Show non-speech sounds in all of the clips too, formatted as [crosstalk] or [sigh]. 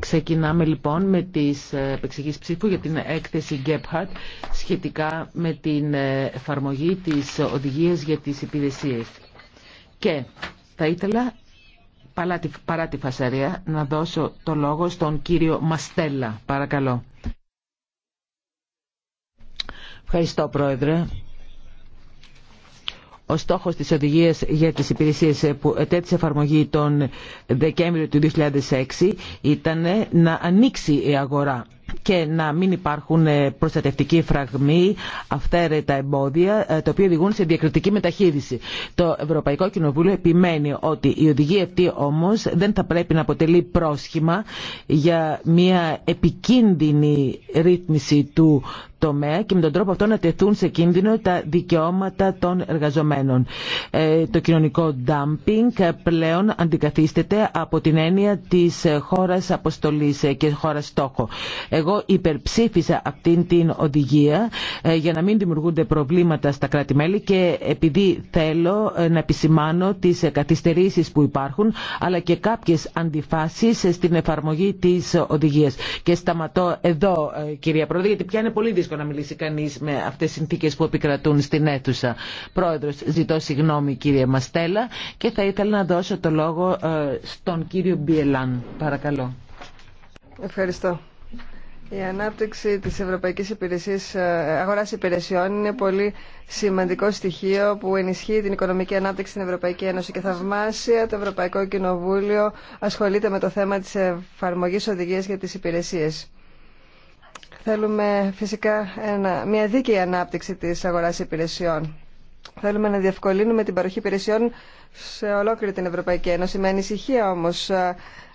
Ξεκινάμε λοιπόν με τις ε, επεξηγήσεις ψήφου για την έκθεση GEPHAT σχετικά με την ε, εφαρμογή της οδηγίας για τις υπηρεσίες. Και θα ήθελα παρά τη φασαρία να δώσω το λόγο στον κύριο Μαστέλλα, Παρακαλώ. Ευχαριστώ πρόεδρε. Ο στόχος της οδηγίας για τις υπηρεσίες που ετέθησε εφαρμογή τον Δεκέμβριο του 2006 ήταν να ανοίξει η αγορά και να μην υπάρχουν ε, προστατευτικοί φραγμοί, αυθαίρετα εμπόδια, ε, τα οποία οδηγούν σε διακριτική μεταχείριση. Το Ευρωπαϊκό Κοινοβούλιο επιμένει ότι η οδηγία αυτή όμω δεν θα πρέπει να αποτελεί πρόσχημα για μια επικίνδυνη ρύθμιση του και με τον τρόπο αυτό να τεθούν σε κίνδυνο τα δικαιώματα των εργαζομένων. Ε, το κοινωνικό dumping πλέον αντικαθίστεται από την έννοια της χώρας αποστολής και χώρας στόχο. Εγώ υπερψήφισα αυτήν την οδηγία ε, για να μην δημιουργούνται προβλήματα στα κράτη-μέλη και επειδή θέλω ε, να επισημάνω τις καθυστερήσεις που υπάρχουν αλλά και κάποιες αντιφάσεις στην εφαρμογή της οδηγίας. Και σταματώ εδώ κυρία Πρόεδρε γιατί πια είναι πολύ δύσκολο να μιλήσει κανείς με αυτές τις συνθήκες που επικρατούν στην αίθουσα. Πρόεδρος, ζητώ συγγνώμη κύριε Μαστέλα και θα ήθελα να δώσω το λόγο ε, στον κύριο Μπιελάν. Παρακαλώ. Ευχαριστώ. Η ανάπτυξη της Ευρωπαϊκής Υπηρεσίας, ε, Αγοράς Υπηρεσιών είναι πολύ σημαντικό στοιχείο που ενισχύει την οικονομική ανάπτυξη στην Ευρωπαϊκή Ένωση και θαυμάσια το Ευρωπαϊκό Κοινοβούλιο ασχολείται με το θέμα της εφαρμογή οδηγίας για τις υπηρεσίες. Θέλουμε φυσικά ένα, μια δίκαιη ανάπτυξη της αγοράς υπηρεσιών. Θέλουμε να διευκολύνουμε την παροχή υπηρεσιών σε ολόκληρη την Ευρωπαϊκή Ένωση. Με ανησυχία όμως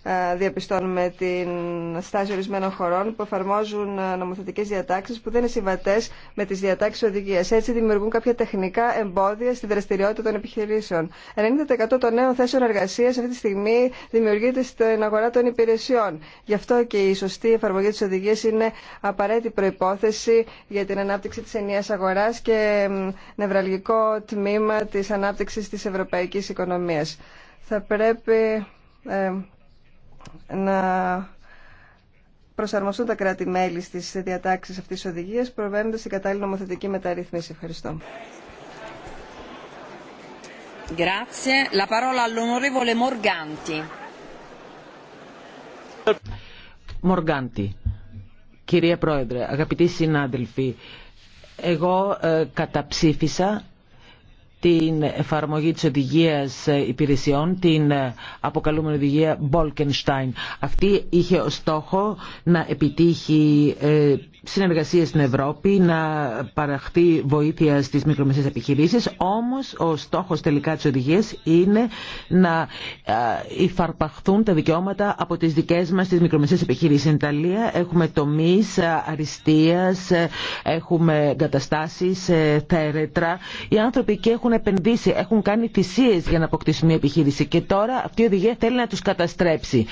ε, διαπιστώνουμε την στάση ορισμένων χωρών που εφαρμόζουν ε, νομοθετικές διατάξεις που δεν είναι συμβατές με τις διατάξεις οδηγίας. Έτσι δημιουργούν κάποια τεχνικά εμπόδια στη δραστηριότητα των επιχειρήσεων. 90% των νέων θέσεων εργασίας αυτή τη στιγμή δημιουργείται στην αγορά των υπηρεσιών. Γι' αυτό και η σωστή εφαρμογή της οδηγίας είναι απαραίτητη προϋπόθεση για την ανάπτυξη της ενιαίας αγοράς και νευραλγικό τμήμα της ανάπτυξης της ευρωπαϊκής οικονομίας. Θα πρέπει ε, να προσαρμοστούν τα κράτη-μέλη στις διατάξεις αυτής της οδηγίας, προβαίνοντας η κατάλληλη νομοθετική μεταρρύθμιση. Ευχαριστώ. Grazie. La parola all'onorevole Morganti. Morganti. κυρία Πρόεδρε, αγαπητοί συνάδελφοι, εγώ ε, καταψήφισα την εφαρμογή της οδηγίας υπηρεσιών, την αποκαλούμενη οδηγία Bolkenstein. Αυτή είχε ως στόχο να επιτύχει ε, συνεργασία στην Ευρώπη, να παραχθεί βοήθεια στις μικρομεσαίες επιχειρήσεις, όμως ο στόχος τελικά της οδηγίας είναι να υφαρπαχθούν τα δικαιώματα από τις δικές μας τις μικρομεσαίες επιχειρήσεις. Στην Ιταλία έχουμε τομείς αριστείας, έχουμε τα θέρετρα. Οι άνθρωποι εκεί έχουν επενδύσει, έχουν κάνει θυσίες για να αποκτήσουν μια επιχείρηση και τώρα αυτή η οδηγία θέλει να τους καταστρέψει.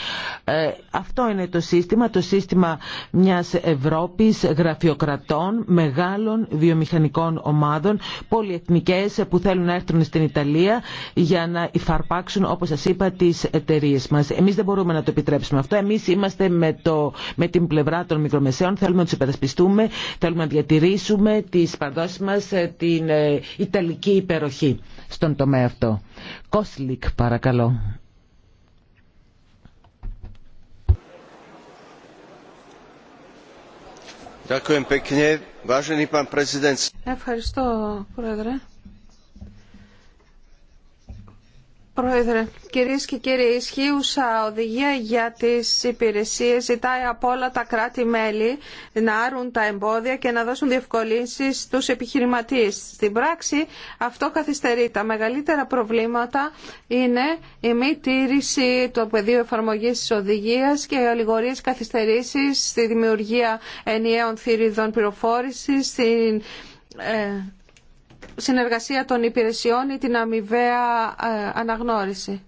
Ε, αυτό είναι το σύστημα, το σύστημα μιας Ευρώπης γραφειοκρατών, μεγάλων βιομηχανικών ομάδων, πολυεθνικές που θέλουν να έρθουν στην Ιταλία για να υφαρπάξουν, όπως σας είπα, τις εταιρείε μας. Εμείς δεν μπορούμε να το επιτρέψουμε αυτό. Εμείς είμαστε με, το, με την πλευρά των μικρομεσαίων, θέλουμε να τους υπερασπιστούμε, θέλουμε να διατηρήσουμε τις παραδόσεις μας, ε, την ε, Ιταλική υπεροχή στον τομέα αυτό. Κόσλικ, παρακαλώ. Ευχαριστώ, Πρόεδρε. Πρόεδρε, κυρίες και κύριοι, ισχύουσα οδηγία για τις υπηρεσίες ζητάει από όλα τα κράτη-μέλη να άρουν τα εμπόδια και να δώσουν διευκολύνσεις στους επιχειρηματίες. Στην πράξη αυτό καθυστερεί. Τα μεγαλύτερα προβλήματα είναι η μη τήρηση του πεδίου εφαρμογής της οδηγίας και ολιγορίες καθυστερήσεις στη δημιουργία ενιαίων θηριδών πληροφόρησης, στην ε, συνεργασία των υπηρεσιών ή την αμοιβαία ε, αναγνώριση.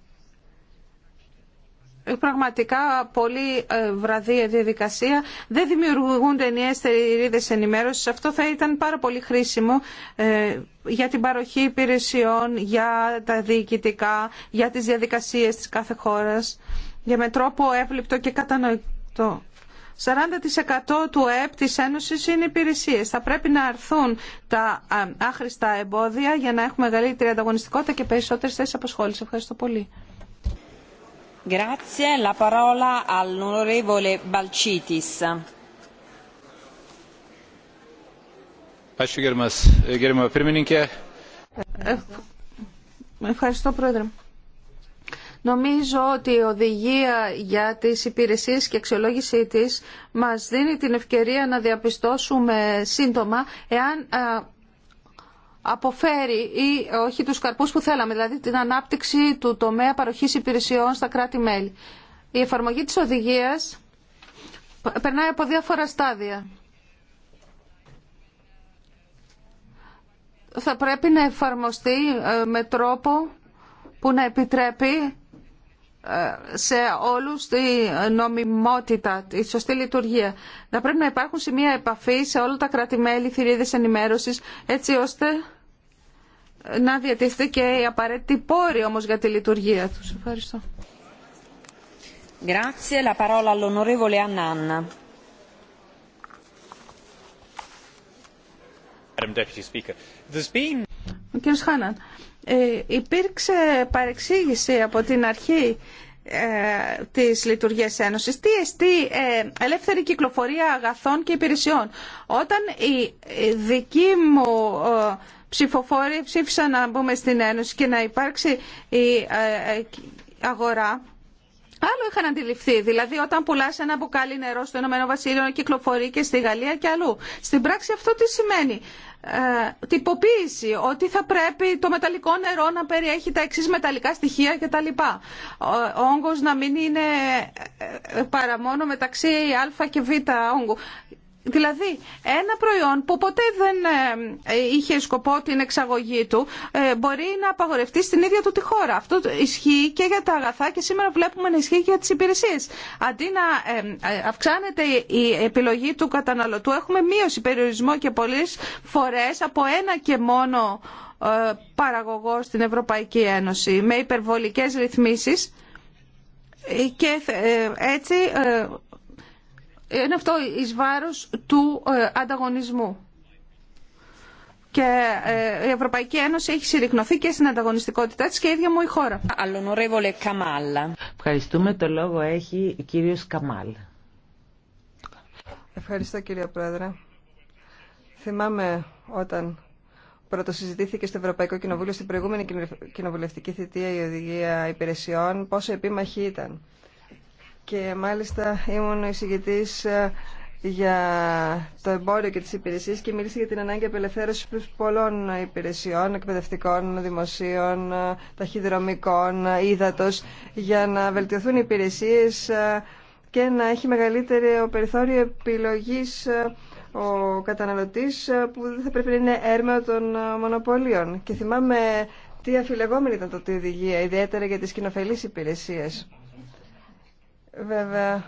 Πραγματικά πολύ ε, βραδία διαδικασία. Δεν δημιουργούνται ενιαίες θερίδες ενημέρωσης. Αυτό θα ήταν πάρα πολύ χρήσιμο ε, για την παροχή υπηρεσιών, για τα διοικητικά, για τις διαδικασίες της κάθε χώρας, για με τρόπο εύληπτο και κατανοητό. 40% του ΕΕΠ της Ένωσης είναι υπηρεσίες. Θα πρέπει να αρθούν τα άχρηστα εμπόδια για να έχουμε μεγαλύτερη ανταγωνιστικότητα και περισσότερες θέσεις απασχόλησης. Ευχαριστώ πολύ. Ευχαριστώ, Πρόεδρε. Νομίζω ότι η οδηγία για τις υπηρεσίες και αξιολόγησή της μας δίνει την ευκαιρία να διαπιστώσουμε σύντομα εάν αποφέρει ή όχι τους καρπούς που θέλαμε, δηλαδή την ανάπτυξη του τομέα παροχής υπηρεσιών στα κράτη-μέλη. Η εφαρμογή της οδηγίας περνάει από διάφορα στάδια. Θα πρέπει να εφαρμοστεί ε, με τρόπο που να επιτρέπει ε, σε όλους τη νομιμότητα, τη σωστή λειτουργία. Να πρέπει να υπάρχουν σημεία επαφή σε όλα τα κράτη-μέλη, θηρίδες ενημέρωσης, έτσι ώστε να διατηρηθεί και η απαραίτητη πόρη όμως για τη λειτουργία τους. Ευχαριστώ. Grazie, la Madam Deputy Speaker, there's been κύριος Χάναν, ε, υπήρξε παρεξήγηση από την αρχή ε, της λειτουργίας Ένωσης. Τι εστί ε, ελεύθερη κυκλοφορία αγαθών και υπηρεσιών. Όταν οι δική μου ψηφοφόροι ψήφισαν να μπούμε στην Ένωση και να υπάρξει η αγορά Άλλο είχαν αντιληφθεί. Δηλαδή, όταν πουλά ένα μπουκάλι νερό στο Ηνωμένο Βασίλειο, κυκλοφορεί και στη Γαλλία και αλλού. Στην πράξη αυτό τι σημαίνει. Ε, τυποποίηση, ότι θα πρέπει το μεταλλικό νερό να περιέχει τα εξή μεταλλικά στοιχεία κτλ. Ο όγκος να μην είναι ε, ε, παρά μόνο μεταξύ α και β όγκου. Δηλαδή, ένα προϊόν που ποτέ δεν ε, είχε σκοπό την εξαγωγή του ε, μπορεί να απαγορευτεί στην ίδια του τη χώρα. Αυτό ισχύει και για τα αγαθά και σήμερα βλέπουμε να ισχύει και για τις υπηρεσίες. Αντί να ε, αυξάνεται η επιλογή του καταναλωτού, έχουμε μείωση περιορισμό και πολλές φορές από ένα και μόνο παραγωγό στην Ευρωπαϊκή Ένωση με υπερβολικές ρυθμίσεις και έτσι είναι αυτό εις βάρος του ε, ανταγωνισμού. Και ε, η Ευρωπαϊκή Ένωση έχει συρρυκνωθεί και στην ανταγωνιστικότητά της και η ίδια μου η χώρα. Ευχαριστούμε. Το λόγο έχει ο κύριος Καμάλ. Ευχαριστώ κύριε Πρόεδρε. Θυμάμαι όταν πρωτοσυζητήθηκε στο Ευρωπαϊκό Κοινοβούλιο στην προηγούμενη κοινοβουλευτική θητεία η οδηγία υπηρεσιών πόσο επίμαχη ήταν και μάλιστα ήμουν εισηγητής ε, για το εμπόριο και τις υπηρεσίες και μίλησε για την ανάγκη απελευθέρωση πολλών υπηρεσιών, εκπαιδευτικών, δημοσίων, ε, ταχυδρομικών, ε, ύδατος, για να βελτιωθούν οι υπηρεσίες και να έχει μεγαλύτερο περιθώριο επιλογής ο καταναλωτής που δεν θα πρέπει να είναι έρμεο των μονοπωλίων. Και θυμάμαι τι αφιλεγόμενη ήταν τότε η οδηγία, ιδιαίτερα για τις κοινοφελείς υπηρεσίες. Βέβαια,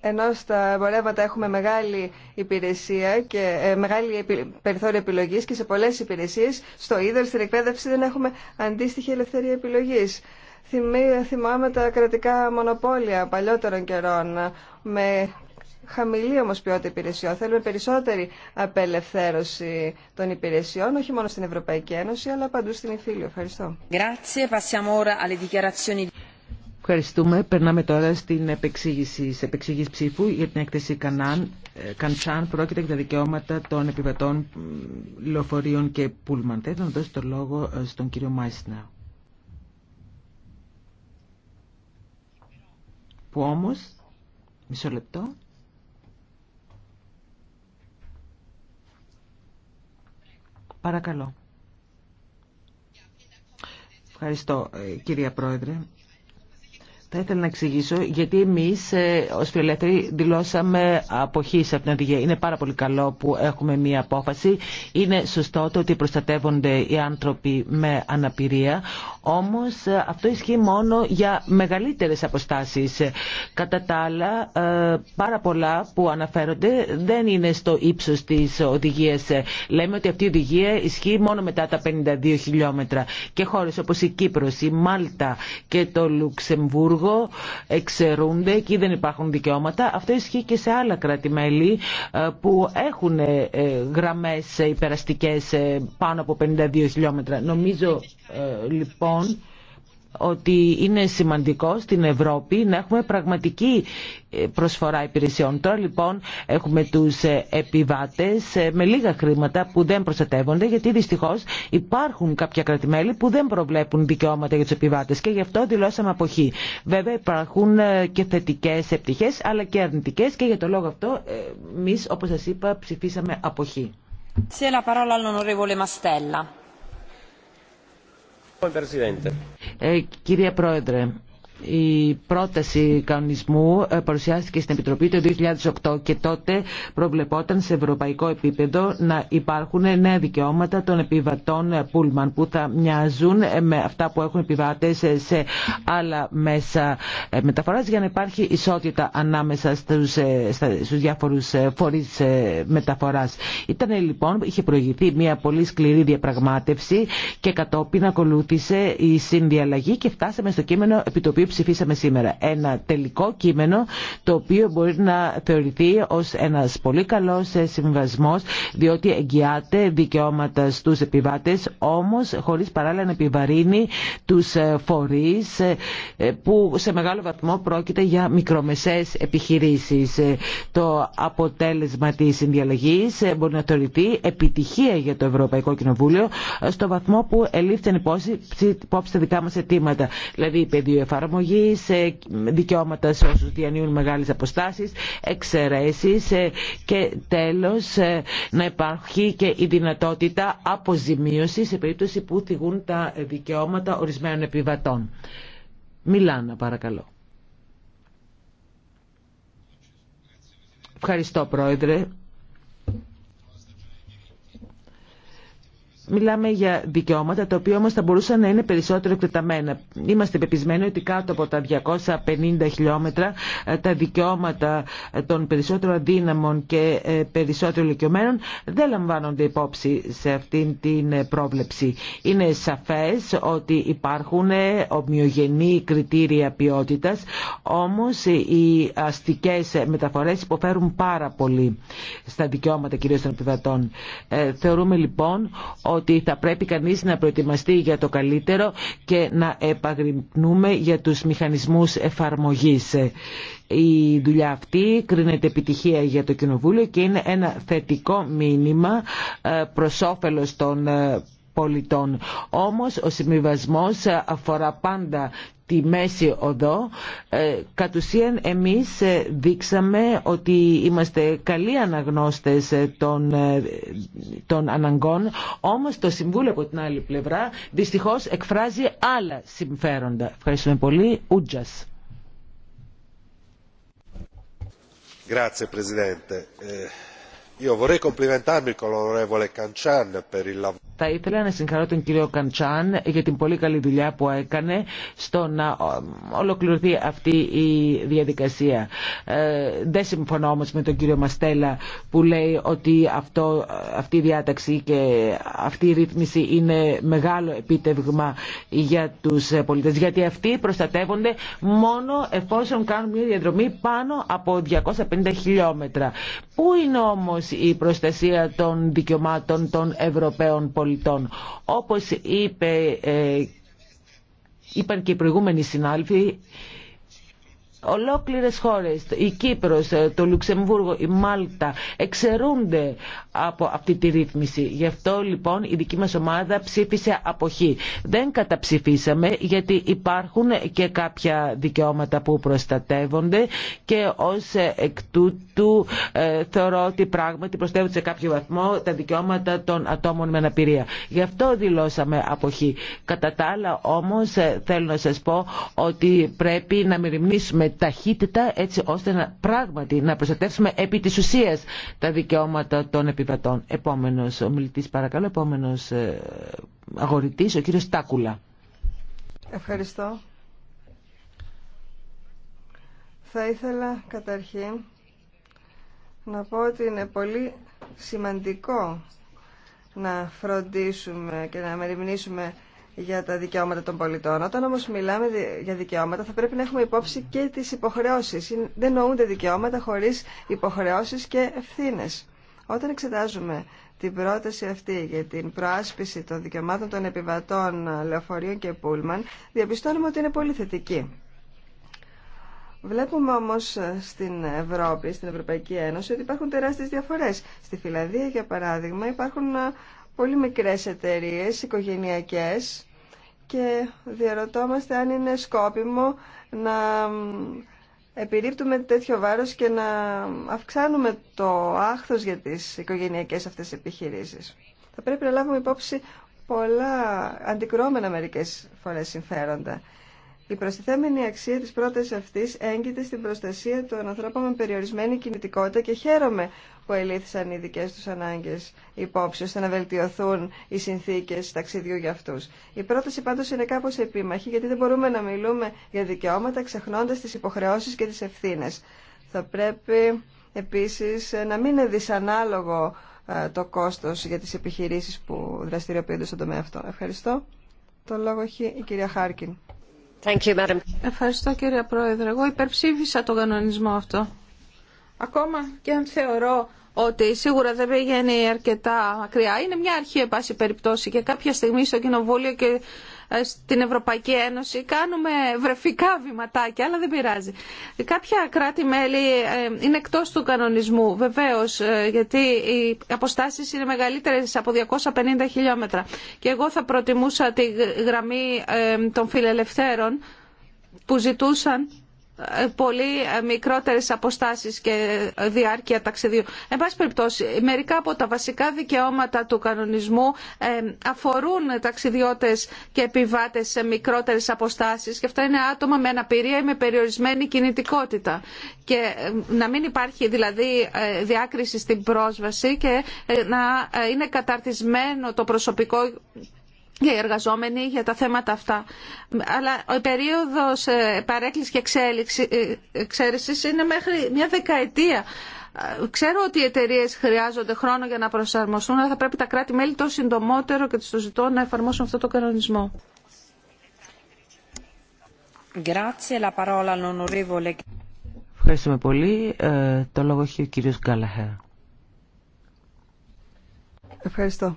ενώ στα εμπορεύματα έχουμε μεγάλη υπηρεσία και ε, μεγάλη περιθώριο επιλογής και σε πολλές υπηρεσίες, στο ίδιο στην εκπαίδευση δεν έχουμε αντίστοιχη ελευθερία επιλογής. θυμάμαι τα κρατικά μονοπόλια παλιότερων καιρών με χαμηλή όμως ποιότητα υπηρεσιών. Θέλουμε περισσότερη απελευθέρωση των υπηρεσιών, όχι μόνο στην Ευρωπαϊκή Ένωση, αλλά παντού στην Ιφίλιο. Ευχαριστώ. Ευχαριστούμε. Περνάμε τώρα στην επεξήγηση, σε επεξήγηση ψήφου για την έκθεση Κανάν. Ε, Καντσάν πρόκειται για τα δικαιώματα των επιβατών λεωφορείων και πούλμαν. Θα ήθελα να δώσω το λόγο ε, στον κύριο Μάισνα. Που όμως, μισό λεπτό, παρακαλώ. Ευχαριστώ ε, κυρία Πρόεδρε. Θα ήθελα να εξηγήσω γιατί εμεί ε, ω φιλελεύθεροι δηλώσαμε αποχή σε αυτήν την οδηγία. Είναι πάρα πολύ καλό που έχουμε μία απόφαση. Είναι σωστό το ότι προστατεύονται οι άνθρωποι με αναπηρία. Όμω ε, αυτό ισχύει μόνο για μεγαλύτερε αποστάσει. Κατά τα άλλα, ε, πάρα πολλά που αναφέρονται δεν είναι στο ύψο τη οδηγία. Λέμε ότι αυτή η οδηγία ισχύει μόνο μετά τα 52 χιλιόμετρα. Και χώρε όπω η Κύπρο, η Μάλτα και το Λουξεμβούργο λόγο εξαιρούνται, εκεί δεν υπάρχουν δικαιώματα. Αυτό ισχύει και σε άλλα κράτη-μέλη ε, που έχουν ε, γραμμές υπεραστικές ε, πάνω από 52 χιλιόμετρα. Νομίζω λοιπόν ότι είναι σημαντικό στην Ευρώπη να έχουμε πραγματική ε, προσφορά υπηρεσιών. Τώρα λοιπόν έχουμε τους ε, επιβάτες ε, με λίγα χρήματα που δεν προστατεύονται γιατί δυστυχώς υπάρχουν κάποια κρατημέλη που δεν προβλέπουν δικαιώματα για τους επιβάτες και γι' αυτό δηλώσαμε αποχή. Βέβαια υπάρχουν και θετικές επιτυχέ, αλλά και αρνητικές και για το λόγο αυτό εμεί, όπως σας είπα ψηφίσαμε αποχή. Σε κύριε κυρία Πρόεδρε, η πρόταση κανονισμού ε, παρουσιάστηκε στην Επιτροπή το 2008 και τότε προβλεπόταν σε ευρωπαϊκό επίπεδο να υπάρχουν νέα δικαιώματα των επιβατών ε, Πούλμαν που θα μοιάζουν ε, με αυτά που έχουν επιβάτε σε άλλα μέσα μεταφορά για να υπάρχει ισότητα ανάμεσα στου διάφορου διάφορους μεταφορά. Ήταν λοιπόν, είχε προηγηθεί μια πολύ σκληρή διαπραγμάτευση και κατόπιν ακολούθησε η συνδιαλλαγή και φτάσαμε στο κείμενο επιτοπίου ψηφίσαμε σήμερα. Ένα τελικό κείμενο το οποίο μπορεί να θεωρηθεί ως ένας πολύ καλός συμβασμός διότι εγγυάται δικαιώματα στους επιβάτες όμως χωρίς παράλληλα να επιβαρύνει τους ε, φορείς ε, που σε μεγάλο βαθμό πρόκειται για μικρομεσαίες επιχειρήσεις. Ε, το αποτέλεσμα της συνδιαλλαγής μπορεί να θεωρηθεί επιτυχία για το Ευρωπαϊκό Κοινοβούλιο στο βαθμό που ελήφθηκαν υπόψη τα δικά μας αιτήματα. Δηλαδή, πεδίο εφαρμογή σε δικαιώματα σε όσους διανύουν μεγάλες αποστάσεις, εξαιρέσεις ε, και τέλος ε, να υπάρχει και η δυνατότητα αποζημίωση σε περίπτωση που θυγούν τα δικαιώματα ορισμένων επιβατών. Μιλάνα παρακαλώ. Ευχαριστώ πρόεδρε. Μιλάμε για δικαιώματα τα οποία όμω θα μπορούσαν να είναι περισσότερο εκτεταμένα. Είμαστε πεπισμένοι ότι κάτω από τα 250 χιλιόμετρα ε, τα δικαιώματα ε, των περισσότερων αδύναμων και ε, περισσότερων ηλικιωμένων δεν λαμβάνονται υπόψη σε αυτήν την πρόβλεψη. Είναι σαφές ότι υπάρχουν ομοιογενή κριτήρια ποιότητα, όμω οι αστικέ μεταφορέ υποφέρουν πάρα πολύ στα δικαιώματα κυρίω των επιβατών. Θεωρούμε λοιπόν ότι θα πρέπει κανείς να προετοιμαστεί για το καλύτερο και να επαγρυπνούμε για τους μηχανισμούς εφαρμογής. Η δουλειά αυτή κρίνεται επιτυχία για το Κοινοβούλιο και είναι ένα θετικό μήνυμα ε, προς όφελος των ε, πολιτών. Όμως ο συμβιβασμός ε, αφορά πάντα τη μέση οδό, ε, κατ' ουσίαν εμείς ε, δείξαμε ότι είμαστε καλοί αναγνώστες ε, των, των αναγκών, όμως το Συμβούλιο από την άλλη πλευρά δυστυχώς εκφράζει άλλα συμφέροντα. Ευχαριστούμε πολύ. Ούτζας. Grazie Presidente. Io vorrei complimentarmi con l'onorevole Cancian per il lavoro. Θα ήθελα να συγχαρώ τον κύριο Καντσάν για την πολύ καλή δουλειά που έκανε στο να ολοκληρωθεί αυτή η διαδικασία. Ε, δεν συμφωνώ όμως με τον κύριο Μαστέλα που λέει ότι αυτό, αυτή η διάταξη και αυτή η ρύθμιση είναι μεγάλο επίτευγμα για τους πολίτες. Γιατί αυτοί προστατεύονται μόνο εφόσον κάνουν μια διαδρομή πάνω από 250 χιλιόμετρα. Πού είναι όμως η προστασία των δικαιωμάτων των Ευρωπαίων πολιτών πολιτών. Όπως είπε, ε, είπαν και οι προηγούμενοι συνάλφοι, Ολόκληρες χώρες, η Κύπρος, ε, το Λουξεμβούργο, η Μάλτα, εξαιρούνται από αυτή τη ρύθμιση. Γι' αυτό λοιπόν η δική μας ομάδα ψήφισε αποχή. Δεν καταψηφίσαμε γιατί υπάρχουν και κάποια δικαιώματα που προστατεύονται και ως ε, εκ τούτου ε, θεωρώ ότι πράγματι προστατεύονται σε κάποιο βαθμό τα δικαιώματα των ατόμων με αναπηρία. Γι' αυτό δηλώσαμε αποχή. Κατά τα άλλα όμως θέλω να σας πω ότι πρέπει να μεριμνήσουμε ταχύτητα έτσι ώστε να, πράγματι να προστατεύσουμε επί της ουσίας τα δικαιώματα των επιβατών. Επόμενος ομιλητής παρακαλώ, επόμενος ε, αγορητής, ο κύριος Τάκουλα. Ευχαριστώ. Θα ήθελα καταρχήν να πω ότι είναι πολύ σημαντικό να φροντίσουμε και να μεριμνήσουμε για τα δικαιώματα των πολιτών. Όταν όμως μιλάμε για δικαιώματα θα πρέπει να έχουμε υπόψη και τις υποχρεώσεις. Δεν νοούνται δικαιώματα χωρίς υποχρεώσεις και ευθύνες. Όταν εξετάζουμε την πρόταση αυτή για την προάσπιση των δικαιωμάτων των επιβατών ε, λεωφορείων και πούλμαν, διαπιστώνουμε ότι είναι πολύ θετική. Βλέπουμε όμως ε, στην Ευρώπη, στην Ευρωπαϊκή Ένωση, ότι υπάρχουν τεράστιες διαφορές. Στη Φιλανδία, για παράδειγμα, υπάρχουν ε, πολύ μικρές εταιρείε, οικογενειακές και διαρωτόμαστε αν είναι σκόπιμο να επιρρύπτουμε τέτοιο βάρος και να αυξάνουμε το άχθος για τις οικογενειακές αυτές επιχειρήσεις. Θα πρέπει να λάβουμε υπόψη πολλά αντικρώμενα μερικές φορές συμφέροντα. Η προστιθέμενη αξία της πρότασης αυτής έγκυται στην προστασία των ανθρώπων με περιορισμένη κινητικότητα και χαίρομαι που ελήφθησαν οι δικές τους ανάγκες υπόψη ώστε να βελτιωθούν οι συνθήκες ταξιδιού για αυτούς. Η πρόταση πάντως είναι κάπως επίμαχη γιατί δεν μπορούμε να μιλούμε για δικαιώματα ξεχνώντας τις υποχρεώσεις και τις ευθύνες. Θα πρέπει επίσης να μην είναι δυσανάλογο ε, το κόστος για τις επιχειρήσεις που δραστηριοποιούνται στον τομέα αυτό. Ευχαριστώ. Το λόγο έχει η κυρία Χάρκιν. Ευχαριστώ κύριε Πρόεδρε. Εγώ υπερψήφισα τον κανονισμό αυτό. Ακόμα και αν θεωρώ ότι σίγουρα δεν πήγαινε αρκετά μακριά. Είναι μια αρχή, εν περιπτώσει, και κάποια στιγμή στο Κοινοβούλιο και ε, στην Ευρωπαϊκή Ένωση κάνουμε βρεφικά βηματάκια, αλλά δεν πειράζει. Κάποια κράτη-μέλη ε, είναι εκτός του κανονισμού, βεβαίως, ε, γιατί οι αποστάσεις είναι μεγαλύτερες από 250 χιλιόμετρα. Και εγώ θα προτιμούσα τη γραμμή των φιλελευθέρων που ζητούσαν πολύ μικρότερες αποστάσεις και διάρκεια ταξιδιού. Εν πάση περιπτώσει, μερικά από τα βασικά δικαιώματα του κανονισμού ε, αφορούν ταξιδιώτες και επιβάτες σε μικρότερες αποστάσεις και αυτά είναι άτομα με αναπηρία ή με περιορισμένη κινητικότητα. Και ε, να μην υπάρχει δηλαδή ε, διάκριση στην πρόσβαση και να είναι καταρτισμένο το προσωπικό για οι εργαζόμενοι για τα θέματα αυτά. Αλλά η περίοδος ε, παρέκκλησης και εξέλιξης ε, είναι μέχρι μια δεκαετία. Ε, ξέρω ότι οι εταιρείε χρειάζονται χρόνο για να προσαρμοστούν, αλλά θα πρέπει τα κράτη-μέλη το συντομότερο και του ζητώ να εφαρμόσουν αυτό το κανονισμό. Ευχαριστούμε πολύ. το λόγο έχει ο κύριος Γκάλαχερ. Ευχαριστώ.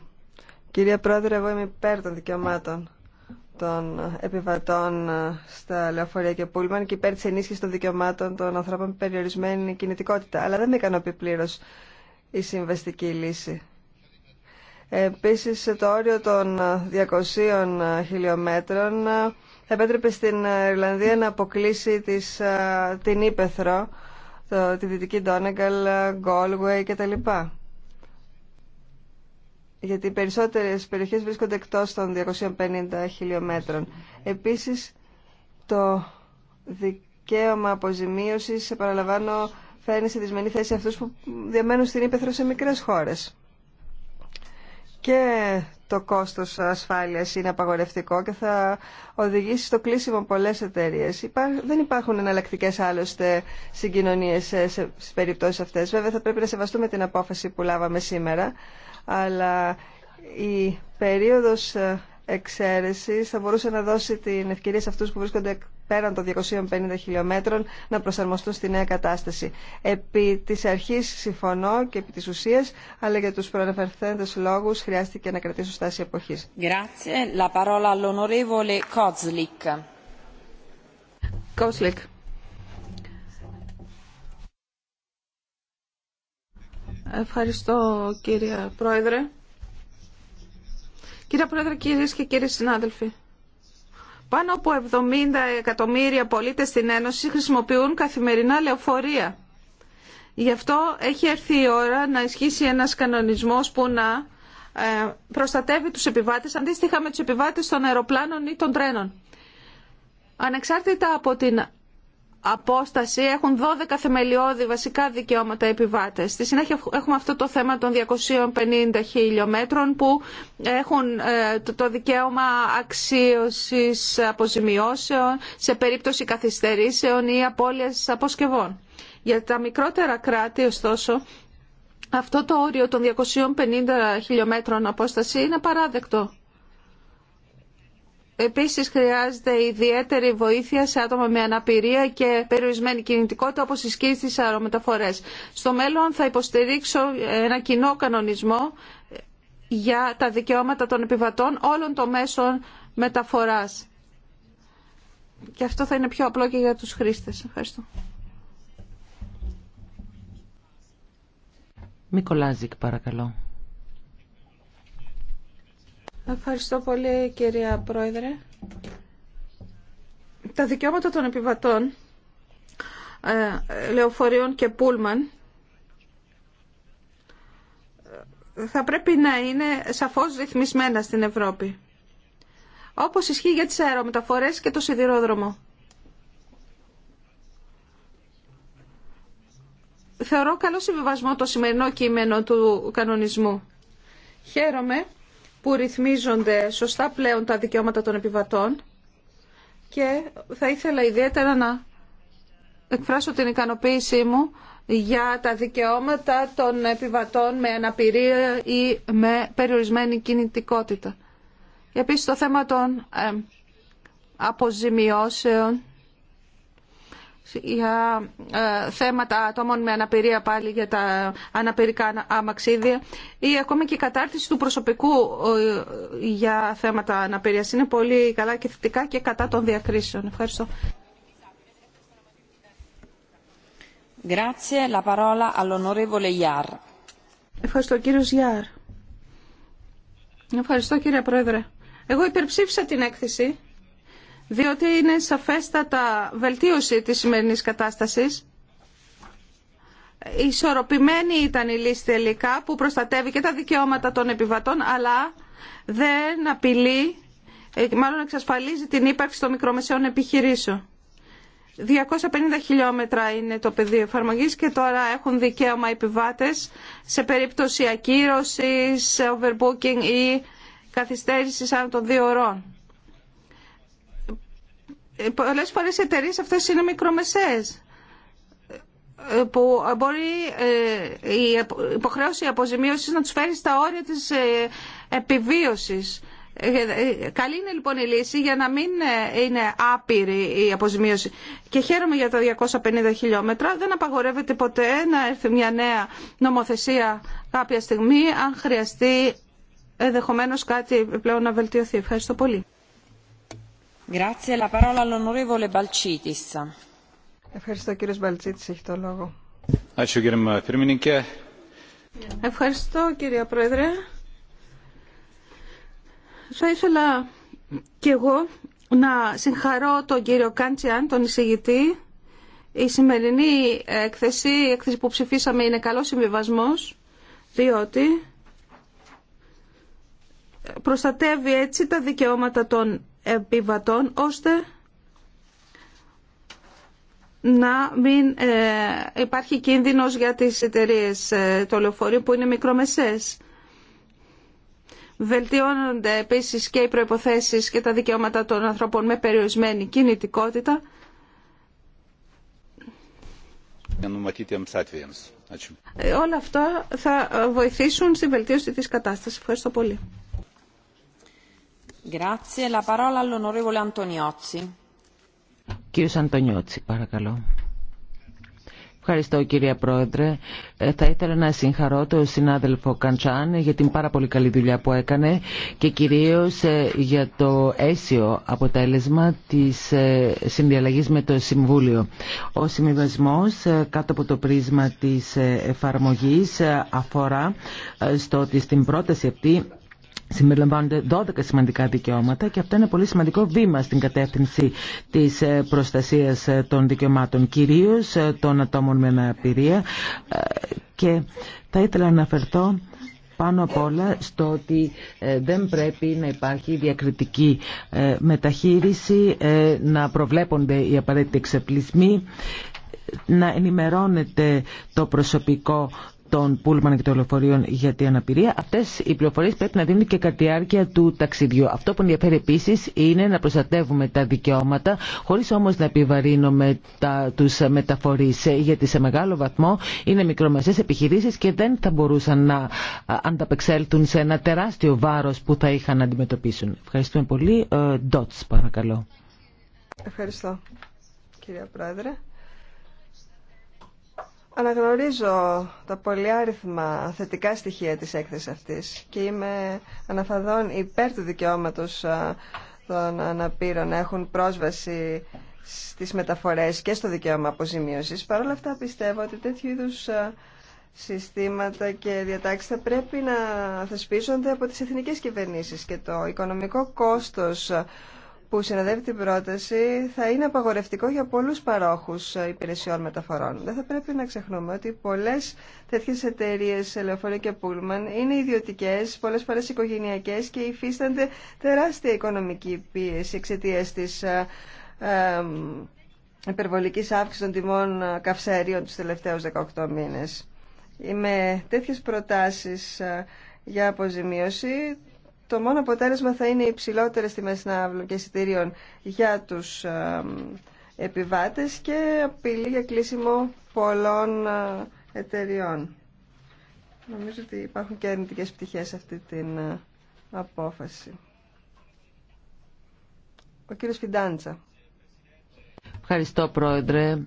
Κυρία Πρόεδρε, εγώ είμαι υπέρ των δικαιωμάτων των επιβατών ε, στα λεωφορεία και πούλμαν και υπέρ τη ενίσχυση των δικαιωμάτων των ανθρώπων με περιορισμένη κινητικότητα. Αλλά δεν με ικανοποιεί πλήρω η συμβαστική λύση. Επίση, το όριο των 200 χιλιόμετρων θα ε, επέτρεπε στην Ιρλανδία να αποκλείσει της ε, την Ήπεθρο, το, τη Δυτική Ντόνεγκαλ, Γκόλγουεϊ κτλ γιατί οι περισσότερες περιοχές βρίσκονται εκτός των 250 χιλιόμετρων. Επίσης, το δικαίωμα αποζημίωσης, σε παραλαμβάνω, φέρνει σε δυσμενή θέση αυτούς που διαμένουν στην Ήπεθρο σε μικρές χώρες. Και το κόστος ασφάλειας είναι απαγορευτικό και θα οδηγήσει στο κλείσιμο πολλές εταιρείε. Δεν υπάρχουν εναλλακτικέ άλλωστε συγκοινωνίες σε, περιπτώσεις αυτές. Βέβαια θα πρέπει να σεβαστούμε την απόφαση που λάβαμε σήμερα, αλλά η περίοδος ε, εξαίρεσης θα μπορούσε να δώσει την ευκαιρία σε αυτούς που βρίσκονται πέραν των 250 χιλιόμετρων να προσαρμοστούν στη νέα κατάσταση. Επί της αρχής συμφωνώ και επί της ουσίας, αλλά για τους προαναφερθέντες λόγους χρειάστηκε να κρατήσω στάση εποχής. Ευχαριστώ κύριε Πρόεδρε. Κύριε Πρόεδρε, κυρίες και κύριοι συνάδελφοι. Πάνω από 70 εκατομμύρια πολίτες στην Ένωση χρησιμοποιούν καθημερινά λεωφορεία. Γι' αυτό έχει έρθει η ώρα να ισχύσει ένας κανονισμός που να ε, προστατεύει τους επιβάτες αντίστοιχα με τους επιβάτες των αεροπλάνων ή των τρένων. Ανεξάρτητα από την απόσταση έχουν 12 θεμελιώδη βασικά δικαιώματα επιβάτες. Στη συνέχεια έχουμε αυτό το θέμα των 250 χιλιόμετρων που έχουν ε, το δικαίωμα αξίωσης αποζημιώσεων σε περίπτωση καθυστερήσεων ή απώλειας αποσκευών. Για τα μικρότερα κράτη, ωστόσο, αυτό το όριο των 250 χιλιόμετρων απόσταση είναι παράδεκτο. Επίσης χρειάζεται ιδιαίτερη βοήθεια σε άτομα με αναπηρία και περιορισμένη κινητικότητα όπως ισχύει στις αερομεταφορές. Στο μέλλον θα υποστηρίξω ένα κοινό κανονισμό για τα δικαιώματα των επιβατών όλων των μέσων μεταφοράς. Και αυτό θα είναι πιο απλό και για τους χρήστες. Ευχαριστώ. Μικολάζικ παρακαλώ. Ευχαριστώ πολύ κυρία Πρόεδρε. Τα δικαιώματα των επιβατών ε, λεωφορείων και πούλμαν ε, θα πρέπει να είναι σαφώς ρυθμισμένα στην Ευρώπη. Όπως ισχύει για τις αερομεταφορές και το σιδηρόδρομο. Θεωρώ καλό συμβιβασμό το σημερινό κείμενο του κανονισμού. Χαίρομαι που ρυθμίζονται σωστά πλέον τα δικαιώματα των επιβατών και θα ήθελα ιδιαίτερα να εκφράσω την ικανοποίησή μου για τα δικαιώματα των επιβατών με αναπηρία ή με περιορισμένη κινητικότητα. Επίσης το θέμα των ε, αποζημιώσεων για ε, θέματα ατόμων με αναπηρία πάλι για τα αναπηρικά αμαξίδια ή ακόμη και η κατάρτιση του προσωπικού ε, για θέματα αναπηρίας. Είναι πολύ καλά και θετικά και κατά των διακρίσεων. Ευχαριστώ. Ευχαριστώ κύριο Γιάρ. Ευχαριστώ κύριε Πρόεδρε. Εγώ υπερψήφισα την έκθεση διότι είναι σαφέστατα βελτίωση της σημερινής κατάστασης. Ισορροπημένη ήταν η λύση τελικά που προστατεύει και τα δικαιώματα των επιβατών αλλά δεν απειλεί, ε, μάλλον εξασφαλίζει την ύπαρξη των μικρομεσαίων επιχειρήσεων. 250 χιλιόμετρα είναι το πεδίο εφαρμογή και τώρα έχουν δικαίωμα οι επιβάτες σε περίπτωση ακύρωσης, overbooking ή καθυστέρησης άνω των δύο ώρων. Ε, Πολλέ φορέ οι εταιρείε αυτές είναι μικρομεσαίες ε, που μπορεί ε, η υποχρέωση αποζημίωση να του φέρει στα όρια της επιβίωσης. Καλή είναι λοιπόν η λύση για να μην είναι άπειρη η αποζημίωση. Και χαίρομαι για τα 250 χιλιόμετρα. Δεν απαγορεύεται ποτέ να έρθει μια νέα νομοθεσία κάποια στιγμή αν χρειαστεί ενδεχομένω κάτι πλέον να βελτιωθεί. Ευχαριστώ πολύ. Ευχαριστώ κύριε το λόγο. Ευχαριστώ κύριε Πρόεδρε. Θα ήθελα και εγώ να συγχαρώ τον κύριο Κάντσιαν, τον εισηγητή. Η σημερινή έκθεση, η έκθεση που ψηφίσαμε είναι καλός συμβιβασμός, διότι προστατεύει έτσι τα δικαιώματα των επιβατών ώστε να μην ε, υπάρχει κίνδυνος για τις εταιρείες ε, το λεωφορείο που είναι μικρομεσές. Βελτιώνονται επίσης και οι προϋποθέσεις και τα δικαιώματα των ανθρώπων με περιορισμένη κινητικότητα. Ε, όλα αυτά θα βοηθήσουν στη βελτίωση της κατάστασης. Ευχαριστώ πολύ. Κύριος παρακαλώ. Ευχαριστώ κύριε Πρόεδρε. Ε, θα ήθελα να συγχαρώ τον συνάδελφο Καντσάν για την πάρα πολύ καλή δουλειά που έκανε και κυρίως ε, για το αίσιο αποτέλεσμα της ε, συνδιαλλαγής με το Συμβούλιο. Ο συμβιβασμό ε, κάτω από το πρίσμα της εφαρμογής αφορά στο ότι στην πρόταση αυτή συμπεριλαμβάνονται 12 σημαντικά δικαιώματα και αυτό είναι πολύ σημαντικό βήμα στην κατεύθυνση της ε, προστασίας ε, των δικαιωμάτων, κυρίως ε, των ατόμων με αναπηρία και θα ήθελα να αναφερθώ πάνω απ' όλα στο ότι δεν πρέπει να υπάρχει διακριτική μεταχείριση, να προβλέπονται οι απαραίτητοι εξεπλισμοί να ενημερώνεται το προσωπικό των πούλμαν και των λεωφορείων για την αναπηρία. Αυτέ οι πληροφορίε πρέπει να δίνουν και κατά τη διάρκεια του ταξιδιού. Αυτό που ενδιαφέρει επίση είναι να προστατεύουμε τα δικαιώματα, χωρί όμω να επιβαρύνουμε του μεταφορεί. Ε, γιατί σε μεγάλο βαθμό είναι μικρομεσαίε επιχειρήσει και δεν θα μπορούσαν να ανταπεξέλθουν σε ένα τεράστιο βάρο που θα είχαν να αντιμετωπίσουν. Ευχαριστούμε πολύ. Ε, Ντότ, παρακαλώ. Ευχαριστώ, κυρία Πρόεδρε. Αναγνωρίζω τα πολυάριθμα θετικά στοιχεία της έκθεσης αυτής και είμαι αναφαδόν υπέρ του δικαιώματος των αναπήρων να έχουν πρόσβαση στις μεταφορές και στο δικαίωμα αποζημίωσης. Παρ' όλα αυτά πιστεύω ότι τέτοιου είδους συστήματα και διατάξεις θα πρέπει να θεσπίζονται από τις εθνικές κυβερνήσεις και το οικονομικό κόστος που συνοδεύει την πρόταση θα είναι απαγορευτικό για πολλούς παρόχους ε, υπηρεσιών μεταφορών. Δεν θα πρέπει να ξεχνούμε ότι πολλές τέτοιες εταιρείες ε, λεωφορείων και πούλμαν είναι ιδιωτικές, πολλές φορές οικογενειακές και υφίστανται τεράστια οικονομική πίεση εξαιτία της ε, ε, των τιμών ε, καυσαερίων τους τελευταίους 18 μήνες. Με τέτοιες προτάσεις για αποζημίωση το μόνο αποτέλεσμα θα είναι οι υψηλότερες τιμές ναύλων και εισιτηρίων για τους ε, επιβάτες και απειλή για κλείσιμο πολλών ε, εταιριών. Νομίζω ότι υπάρχουν και αρνητικέ πτυχές σε αυτή την ε, απόφαση. Ο κύριος Φιντάντσα. Ευχαριστώ Πρόεδρε.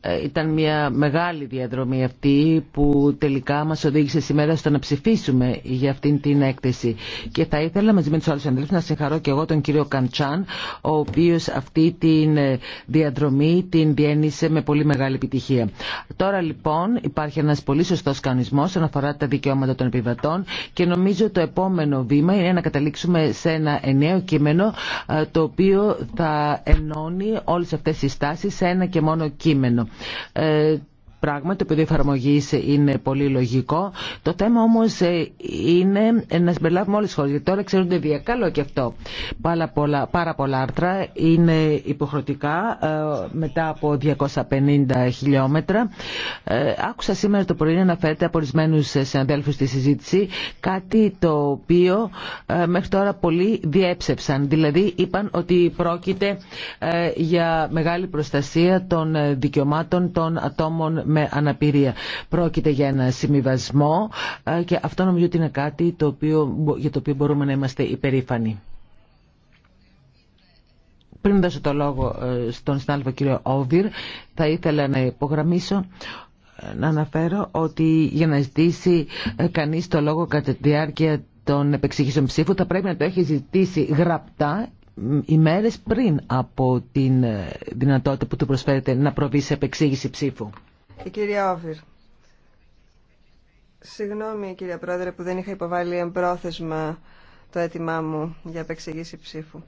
Ε, ήταν μια μεγάλη διαδρομή αυτή που τελικά μας οδήγησε σήμερα στο να ψηφίσουμε για αυτήν την έκθεση. Και θα ήθελα μαζί με τους άλλους ανθρώπους, να συγχαρώ και εγώ τον κύριο Καντσάν, ο οποίος αυτή την ε, διαδρομή την διένυσε με πολύ μεγάλη επιτυχία. Τώρα λοιπόν υπάρχει ένας πολύ σωστός κανονισμός όσον αφορά τα δικαιώματα των επιβατών και νομίζω το επόμενο βήμα είναι να καταλήξουμε σε ένα ενιαίο κείμενο ε, το οποίο θα ενώνει όλες αυτές τις σε ένα και μόνο κείμενο. Ε, πράγμα, το πεδίο εφαρμογή είναι πολύ λογικό. Το θέμα όμω ε, είναι να συμπεριλάβουμε όλε τι χώρε. Γιατί τώρα ξέρονται βία. Καλό και αυτό. Πάρα πολλά, πάρα πολλά άρθρα είναι υποχρεωτικά ε, μετά από 250 χιλιόμετρα. Ε, άκουσα σήμερα το πρωί να αναφέρεται από ορισμένου συναδέλφου στη συζήτηση κάτι το οποίο μέχρι τώρα πολλοί διέψευσαν. Δηλαδή είπαν ότι πρόκειται για μεγάλη προστασία των δικαιωμάτων των ατόμων με αναπηρία. Πρόκειται για ένα συμβιβασμό ε, και αυτό νομίζω ότι είναι κάτι το οποίο, για το οποίο μπορούμε να είμαστε υπερήφανοι. Πριν δώσω το λόγο ε, στον συνάδελφο κύριο Όβιρ, θα ήθελα να υπογραμμίσω ε, να αναφέρω ότι για να ζητήσει κανείς το λόγο κατά τη διάρκεια των επεξηγήσεων ψήφου θα πρέπει να το έχει ζητήσει γραπτά ημέρες πριν από την δυνατότητα που του προσφέρεται να προβεί σε επεξήγηση ψήφου. Η κυρία Όβιρ. Συγγνώμη κυρία Πρόεδρε που δεν είχα υποβάλει εμπρόθεσμα το αίτημά μου για επεξηγήση ψήφου.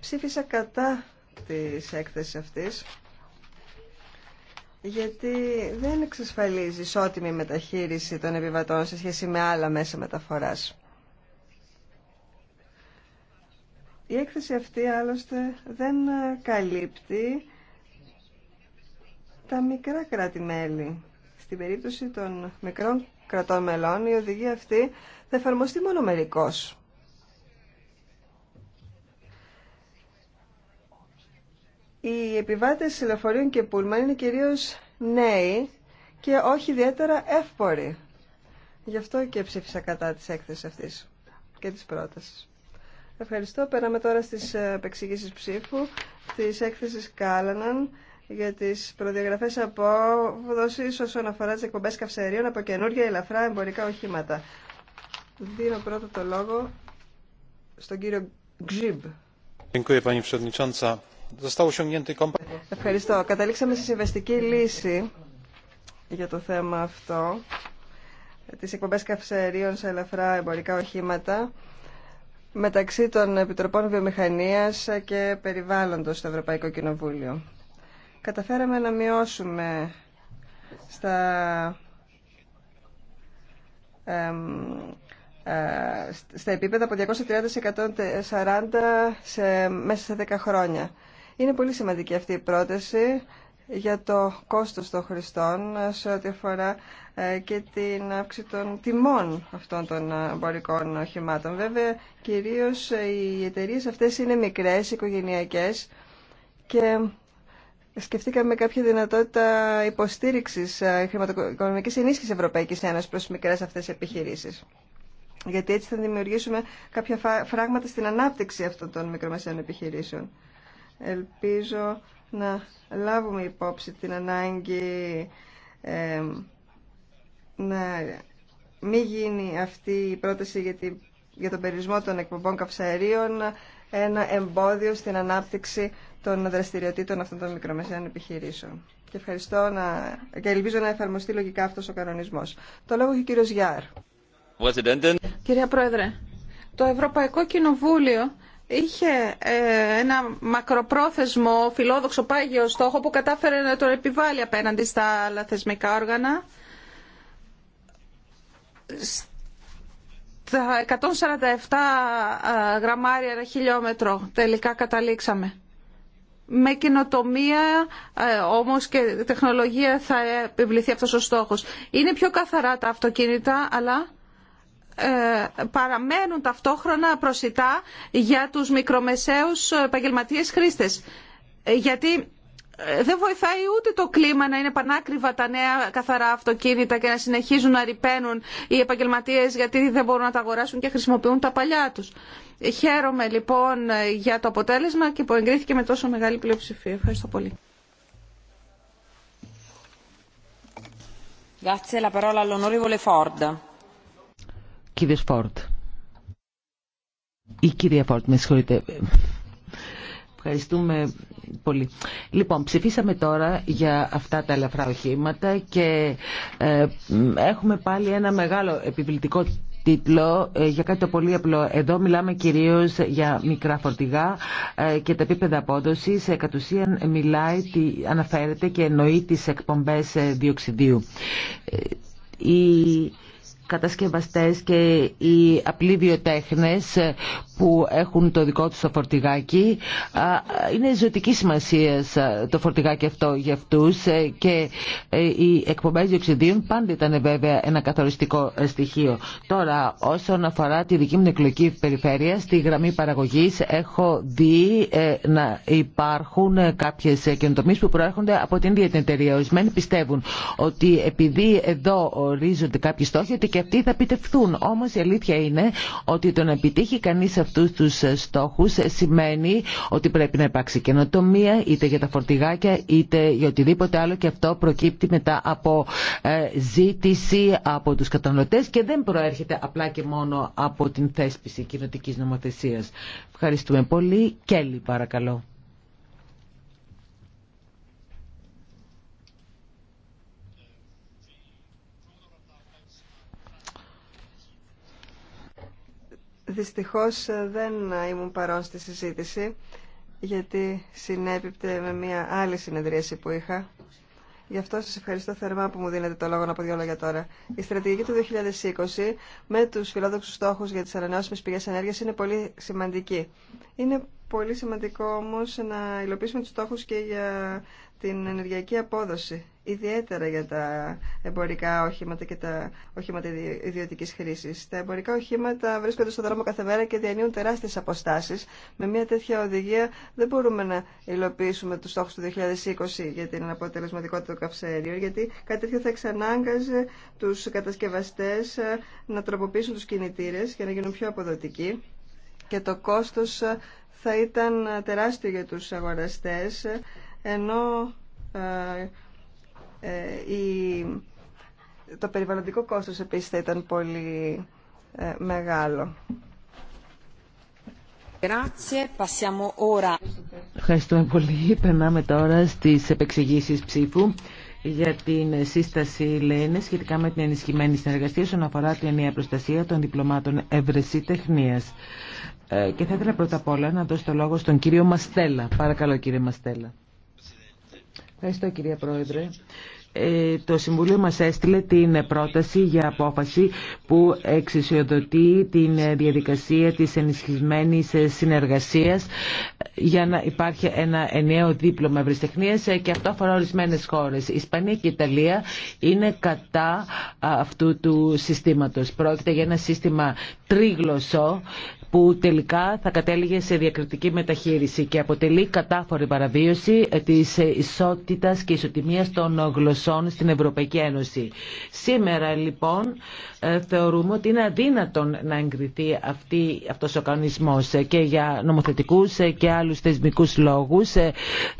Ψήφισα κατά τη έκθεση αυτής γιατί δεν εξασφαλίζει ισότιμη μεταχείριση των επιβατών σε σχέση με άλλα μέσα μεταφοράς. Η έκθεση αυτή άλλωστε δεν καλύπτει τα μικρά κράτη-μέλη. Στην περίπτωση των μικρών κρατών μελών, η οδηγία αυτή θα εφαρμοστεί μόνο μερικώς. Οι επιβάτες λεωφορείων και πούλμαν είναι κυρίως νέοι και όχι ιδιαίτερα εύποροι. Γι' αυτό και ψήφισα κατά της έκθεσης αυτής και της πρότασης. Ευχαριστώ. Περάμε τώρα στις ε, επεξηγήσεις ψήφου της έκθεσης Κάλαναν για τις προδιαγραφές απόδοση όσον αφορά τι εκπομπέ καυσαερίων από καινούργια ελαφρά εμπορικά οχήματα. Δίνω πρώτο το λόγο στον κύριο Γκζιμπ. Ευχαριστώ. Καταλήξαμε στη συμβαστική λύση για το θέμα αυτό τις εκπομπές καυσαερίων σε ελαφρά εμπορικά οχήματα μεταξύ των Επιτροπών Βιομηχανίας και Περιβάλλοντος στο Ευρωπαϊκό Κοινοβούλιο καταφέραμε να μειώσουμε στα, ε, στα επίπεδα από 230 σε 140 σε, μέσα σε 10 χρόνια. Είναι πολύ σημαντική αυτή η πρόταση για το κόστος των χρηστών σε ό,τι αφορά ε, και την αύξηση των τιμών αυτών των ε, εμπορικών οχημάτων. Βέβαια, κυρίως οι εταιρείες αυτές είναι μικρές, οικογενειακές και σκεφτήκαμε κάποια δυνατότητα υποστήριξης ε, χρηματοοικονομικής ενίσχυσης Ευρωπαϊκής Ένωση προς μικρές αυτές επιχειρήσεις. Γιατί έτσι θα δημιουργήσουμε κάποια φράγματα στην ανάπτυξη αυτών των μικρομεσαίων επιχειρήσεων. Ελπίζω να λάβουμε υπόψη την ανάγκη να μην γίνει αυτή η πρόταση για, για τον περιορισμό των εκπομπών καυσαερίων ένα εμπόδιο στην ανάπτυξη των δραστηριοτήτων αυτών των μικρομεσαίων επιχειρήσεων. Και, ευχαριστώ να... και ελπίζω να εφαρμοστεί λογικά αυτός ο κανονισμός. Το λόγο έχει ο κύριος Γιάρ. Κυρία Πρόεδρε, το Ευρωπαϊκό Κοινοβούλιο είχε ε, ένα μακροπρόθεσμο φιλόδοξο πάγιο στόχο που κατάφερε να τον επιβάλλει απέναντι στα άλλα όργανα. Τα 147 ε, γραμμάρια ένα χιλιόμετρο τελικά καταλήξαμε με καινοτομία ε, όμως και τεχνολογία θα επιβληθεί αυτός ο στόχος. Είναι πιο καθαρά τα αυτοκίνητα, αλλά ε, παραμένουν ταυτόχρονα προσιτά για τους μικρομεσαίους επαγγελματίες χρήστες. Ε, γιατί δεν βοηθάει ούτε το κλίμα να είναι πανάκριβα τα νέα καθαρά αυτοκίνητα και να συνεχίζουν να ρηπαίνουν οι επαγγελματίες γιατί δεν μπορούν να τα αγοράσουν και χρησιμοποιούν τα παλιά τους. Χαίρομαι λοιπόν για το αποτέλεσμα και που εγκρίθηκε με τόσο μεγάλη πλειοψηφία. Ευχαριστώ πολύ. Κύριε Η κυρία Φόρντ με συγχωρείτε. Ευχαριστούμε πολύ. Λοιπόν, ψηφίσαμε τώρα για αυτά τα ελαφρά οχήματα και ε, έχουμε πάλι ένα μεγάλο επιβλητικό τίτλο ε, για κάτι το πολύ απλό. Εδώ μιλάμε κυρίως για μικρά φορτηγά ε, και τα επίπεδα απόδοση ε, κατ' ουσίαν μιλάει, αναφέρεται και εννοεί τις εκπομπές διοξιδίου. Οι κατασκευαστές και οι απλοί βιοτέχνες που έχουν το δικό τους το φορτηγάκι. Είναι ζωτική σημασία το φορτηγάκι αυτό για αυτούς ε, και ε, οι εκπομπές διοξιδίων πάντα ήταν βέβαια ένα καθοριστικό ε, στοιχείο. Τώρα όσον αφορά τη δική μου εκλογική περιφέρεια στη γραμμή παραγωγής έχω δει να υπάρχουν κάποιες καινοτομίες που προέρχονται από την ίδια την εταιρεία. Ορισμένοι πιστεύουν ότι επειδή εδώ ορίζονται κάποιοι στόχοι ότι και αυτοί θα επιτευχθούν. Όμως η αλήθεια είναι ότι το να επιτύχει κανείς αυτό αυτούς τους ε, στόχους ε, σημαίνει ότι πρέπει να υπάρξει καινοτομία είτε για τα φορτηγάκια είτε για οτιδήποτε άλλο και αυτό προκύπτει μετά από ε, ζήτηση από τους καταναλωτές και δεν προέρχεται απλά και μόνο από την θέσπιση κοινοτικής νομοθεσίας. Ευχαριστούμε πολύ. Κέλλη παρακαλώ. Δυστυχώς ε, δεν ε, ήμουν παρόν στη συζήτηση γιατί συνέπιπτε με μια άλλη συνεδρίαση που είχα. Γι' αυτό σας ευχαριστώ θερμά που μου δίνετε το λόγο να πω δύο λόγια τώρα. Η στρατηγική του 2020 με τους φιλόδοξους στόχους για τις ανανεώσιμες πηγές ενέργειας είναι πολύ σημαντική. Είναι πολύ σημαντικό όμως να υλοποιήσουμε τους στόχους και για την ενεργειακή απόδοση, ιδιαίτερα για τα εμπορικά οχήματα και τα οχήματα ιδιωτικής χρήσης. Τα εμπορικά οχήματα βρίσκονται στον δρόμο κάθε μέρα και διανύουν τεράστιες αποστάσεις. Με μια τέτοια οδηγία δεν μπορούμε να υλοποιήσουμε τους στόχους του 2020 για την αποτελεσματικότητα του καυσαέριου, γιατί κάτι τέτοιο θα εξανάγκαζε τους κατασκευαστές να τροποποιήσουν τους κινητήρες για να γίνουν πιο αποδοτικοί και το κόστος ε, θα ήταν ε, τεράστιο για τους αγοραστές ε, ενώ το περιβαλλοντικό κόστος επίσης θα ήταν πολύ μεγάλο. Ευχαριστούμε πολύ. Περνάμε τώρα στις επεξηγήσεις ψήφου για την σύσταση, λένε, σχετικά με την ενισχυμένη συνεργασία όσον αφορά την ενιαία προστασία των διπλωμάτων ευρεσιτεχνίας. Ε, και θα ήθελα πρώτα απ' όλα να δώσω το λόγο στον κύριο Μαστέλα. Παρακαλώ κύριε Μαστέλα. Ευχαριστώ κυρία Πρόεδρε ε, το Συμβούλιο μας έστειλε την πρόταση για απόφαση που εξισιοδοτεί την διαδικασία της ενισχυσμένης συνεργασίας για να υπάρχει ένα ενιαίο δίπλωμα ευρυστεχνίας και αυτό αφορά ορισμένε χώρες. Η Ισπανία και η Ιταλία είναι κατά αυτού του συστήματος. Πρόκειται για ένα σύστημα τρίγλωσσο που τελικά θα κατέληγε σε διακριτική μεταχείριση και αποτελεί κατάφορη παραβίωση της ισότητας και ισοτιμίας των γλωσσών στην Ευρωπαϊκή Ένωση. Σήμερα λοιπόν ε, θεωρούμε ότι είναι αδύνατον να εγκριθεί αυτή, αυτός ο κανονισμός και για νομοθετικούς και άλλους θεσμικούς λόγους ε,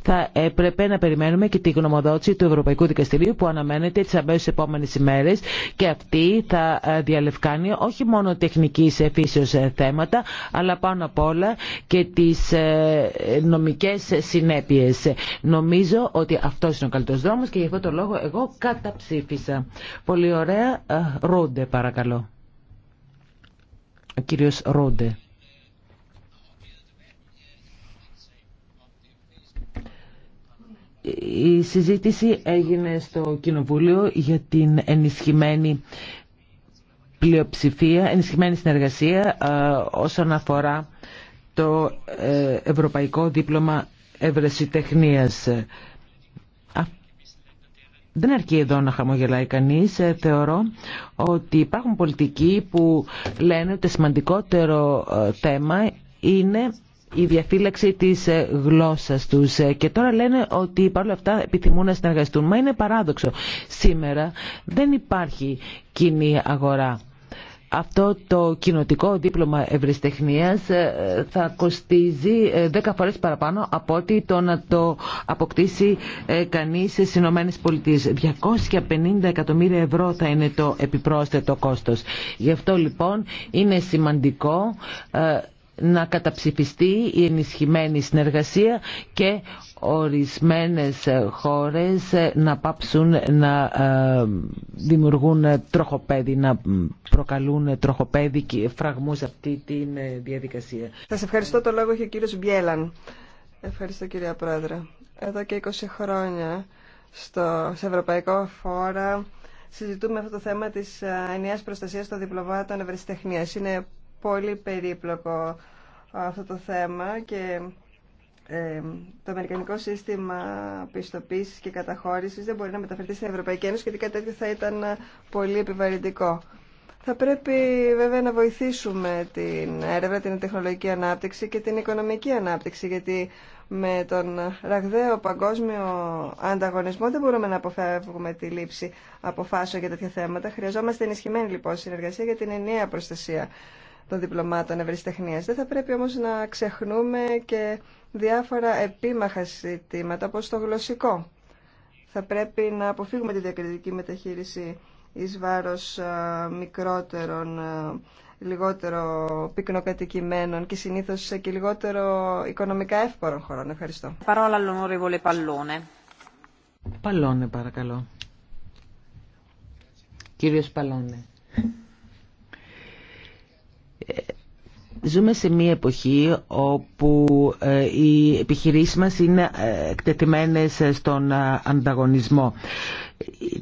θα έπρεπε να περιμένουμε και τη γνωμοδότηση του Ευρωπαϊκού Δικαστηρίου που αναμένεται τις αμέσως επόμενες ημέρες και αυτή θα ε, διαλευκάνει όχι μόνο τεχνική φύσεως θέματα αλλά πάνω απ' όλα και τις ε, νομικές συνέπειες. Νομίζω ότι αυτό είναι ο καλύτερος δρόμος και γι' αυτό το λόγο εγώ καταψήφισα. Πολύ ωραία. Ρόντε παρακαλώ. Ο κύριος Ρόντε. Η συζήτηση έγινε στο Κοινοβούλιο για την ενισχυμένη πλειοψηφία, ενισχυμένη συνεργασία ε, όσον αφορά το ε, Ευρωπαϊκό Δίπλωμα Ευρεσιτεχνίας. Ε, δεν αρκεί εδώ να χαμογελάει κανείς. Θεωρώ ότι υπάρχουν πολιτικοί που λένε ότι το σημαντικότερο θέμα είναι η διαφύλαξη της γλώσσας τους και τώρα λένε ότι παρόλα αυτά επιθυμούν να συνεργαστούν. Μα είναι παράδοξο. Σήμερα δεν υπάρχει κοινή αγορά αυτό το κοινοτικό δίπλωμα ευρεσιτεχνία ε, θα κοστίζει 10 ε, φορές παραπάνω από ότι το να το αποκτήσει ε, κανείς στι Ηνωμένε Πολιτείε. 250 εκατομμύρια ευρώ θα είναι το επιπρόσθετο κόστος. Γι' αυτό λοιπόν είναι σημαντικό να καταψηφιστεί η ενισχυμένη συνεργασία και ορισμένες χώρες να πάψουν να ε, δημιουργούν τροχοπέδι, να προκαλούν τροχοπέδι και φραγμούς αυτή τη ε, διαδικασία. Σας ευχαριστώ. Το λόγο έχει ο κύριος Μπιέλαν. Ευχαριστώ κυρία Πρόεδρε. Εδώ και 20 χρόνια στο, σε Ευρωπαϊκό Φόρα συζητούμε αυτό το θέμα της ε, ενιαίας προστασίας των διπλωμάτων ευρεσιτεχνίας πολύ περίπλοκο αυτό το θέμα και ε, το Αμερικανικό σύστημα πιστοποίησης και καταχώρησης δεν μπορεί να μεταφερθεί στην Ευρωπαϊκή Ένωση γιατί κάτι τέτοιο θα ήταν πολύ επιβαρυντικό. Θα πρέπει βέβαια να βοηθήσουμε την έρευνα, την τεχνολογική ανάπτυξη και την οικονομική ανάπτυξη γιατί με τον ραγδαίο παγκόσμιο ανταγωνισμό δεν μπορούμε να αποφεύγουμε τη λήψη αποφάσεων για τέτοια θέματα. Χρειαζόμαστε ενισχυμένη λοιπόν συνεργασία για την ενιαία προστασία των διπλωμάτων ευρεσιτεχνίας. Δεν θα πρέπει όμως να ξεχνούμε και διάφορα επίμαχα ζητήματα όπω το γλωσσικό. Θα πρέπει να αποφύγουμε τη διακριτική μεταχείριση εις βάρος μικρότερων, λιγότερο πυκνοκατοικημένων και συνήθως και λιγότερο οικονομικά εύπορων χωρών. Ευχαριστώ. Παρόλα l'onorevole Παλώνε. Παλώνε παρακαλώ. Κύριος ε, ζούμε σε μια εποχή όπου ε, οι επιχειρήσεις μας είναι ε, εκτεθειμένες στον ανταγωνισμό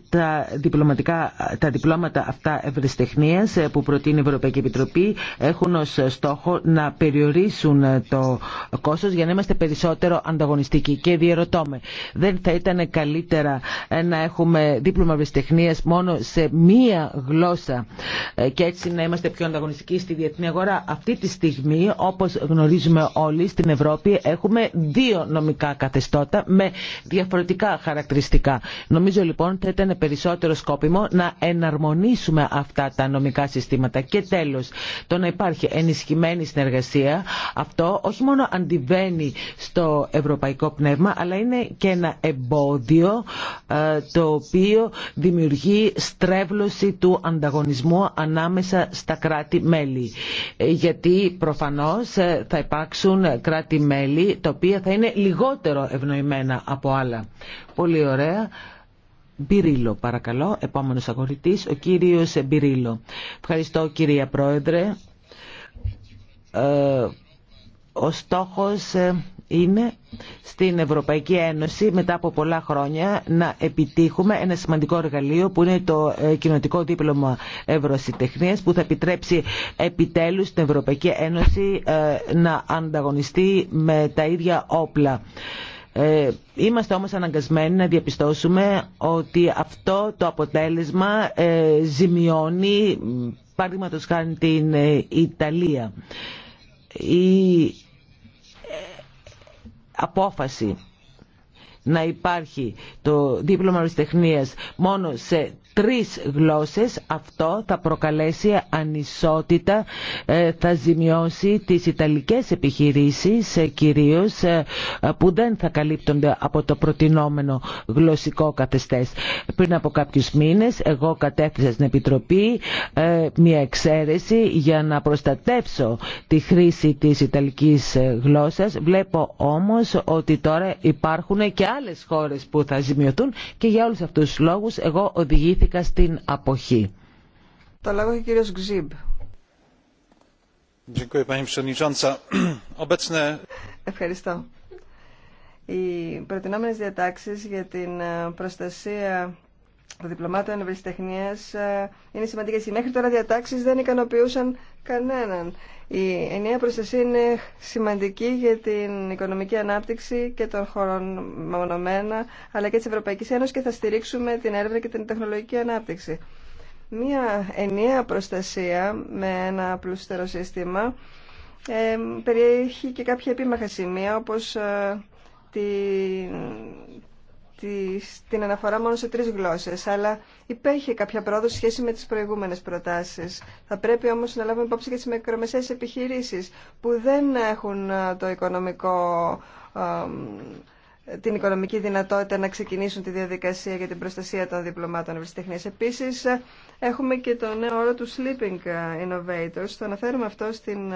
τα, διπλωματικά, τα διπλώματα αυτά ευρεστεχνίας ε, που προτείνει η Ευρωπαϊκή Επιτροπή έχουν ως στόχο να περιορίσουν ε, το κόστος για να είμαστε περισσότερο ανταγωνιστικοί. Και διαρωτώ με, δεν θα ήταν καλύτερα ε, να έχουμε δίπλωμα ευρεστεχνίας μόνο σε μία γλώσσα και έτσι να είμαστε πιο ανταγωνιστικοί στη διεθνή αγορά. Αυτή τη στιγμή, όπως γνωρίζουμε όλοι, στην Ευρώπη έχουμε δύο νομικά καθεστώτα με διαφορετικά χαρακτηριστικά. Νομίζω λοιπόν Λοιπόν, θα ήταν περισσότερο σκόπιμο να εναρμονίσουμε αυτά τα νομικά συστήματα. Και τέλος, το να υπάρχει ενισχυμένη συνεργασία, αυτό όχι μόνο αντιβαίνει στο ευρωπαϊκό πνεύμα, αλλά είναι και ένα εμπόδιο ε, το οποίο δημιουργεί στρέβλωση του ανταγωνισμού ανάμεσα στα κράτη-μέλη. Ε, γιατί προφανώς ε, θα υπάρξουν κράτη-μέλη τα οποία θα είναι λιγότερο ευνοημένα από άλλα. Πολύ ωραία. Μπυρίλο, παρακαλώ. Επόμενος αγωνιτής, ο κύριος Μπυρίλο. Ευχαριστώ κυρία Πρόεδρε. Ε, ο στόχος ε, είναι στην Ευρωπαϊκή Ένωση μετά από πολλά χρόνια να επιτύχουμε ένα σημαντικό εργαλείο που είναι το ε, κοινοτικό δίπλωμα ευρωσιτεχνίας που θα επιτρέψει επιτέλους στην Ευρωπαϊκή Ένωση ε, να ανταγωνιστεί με τα ίδια όπλα. Ε, είμαστε όμως αναγκασμένοι να διαπιστώσουμε ότι αυτό το αποτέλεσμα ε, ζημιώνει παραδείγματος χάνει την ε, Ιταλία. Η απόφαση να υπάρχει το δίπλωμα αριστεχνίας μόνο σε τρεις γλώσσες. Αυτό θα προκαλέσει ανισότητα, ε, θα ζημιώσει τις ιταλικές επιχειρήσεις ε, κυρίως ε, που δεν θα καλύπτονται από το προτινόμενο γλωσσικό καθεστές. Πριν από κάποιους μήνες εγώ κατέθεσα στην Επιτροπή μια εξαίρεση για να προστατεύσω τη χρήση της ιταλικής γλώσσας. Βλέπω όμως ότι τώρα υπάρχουν και άλλες χώρες που θα ζημιωθούν και για όλους αυτούς τους λόγους εγώ οδηγήθηκα στην αποχή. Το λόγο έχει ο κύριος Γκζίμπ. [clears throat] Ευχαριστώ. Οι προτινόμενες διατάξεις για την ε, προστασία διπλωμάτων ευρεσιτεχνία ε, είναι σημαντικέ. Οι μέχρι τώρα διατάξει δεν ικανοποιούσαν κανέναν. Η ενιαία προστασία είναι σημαντική για την οικονομική ανάπτυξη και των χωρών μεμονωμένα, αλλά και τη Ευρωπαϊκή Ένωση και θα στηρίξουμε την έρευνα και την τεχνολογική ανάπτυξη. Μία ενιαία προστασία με ένα πλούστερο σύστημα ε, περιέχει και κάποια επίμαχα σημεία όπως ε, την αναφορά μόνο σε τρεις γλώσσες, αλλά υπήρχε κάποια πρόοδο σχέση με τις προηγούμενες προτάσεις. Θα πρέπει όμως να λάβουμε υπόψη και τις μικρομεσαίες επιχειρήσεις που δεν έχουν ε, το οικονομικό, την οικονομική δυνατότητα να ξεκινήσουν τη διαδικασία για την προστασία των διπλωμάτων ευρωστηχνίας. Επίσης, ε, έχουμε και το νέο όρο του Sleeping ε, Innovators. Το αναφέρουμε αυτό στην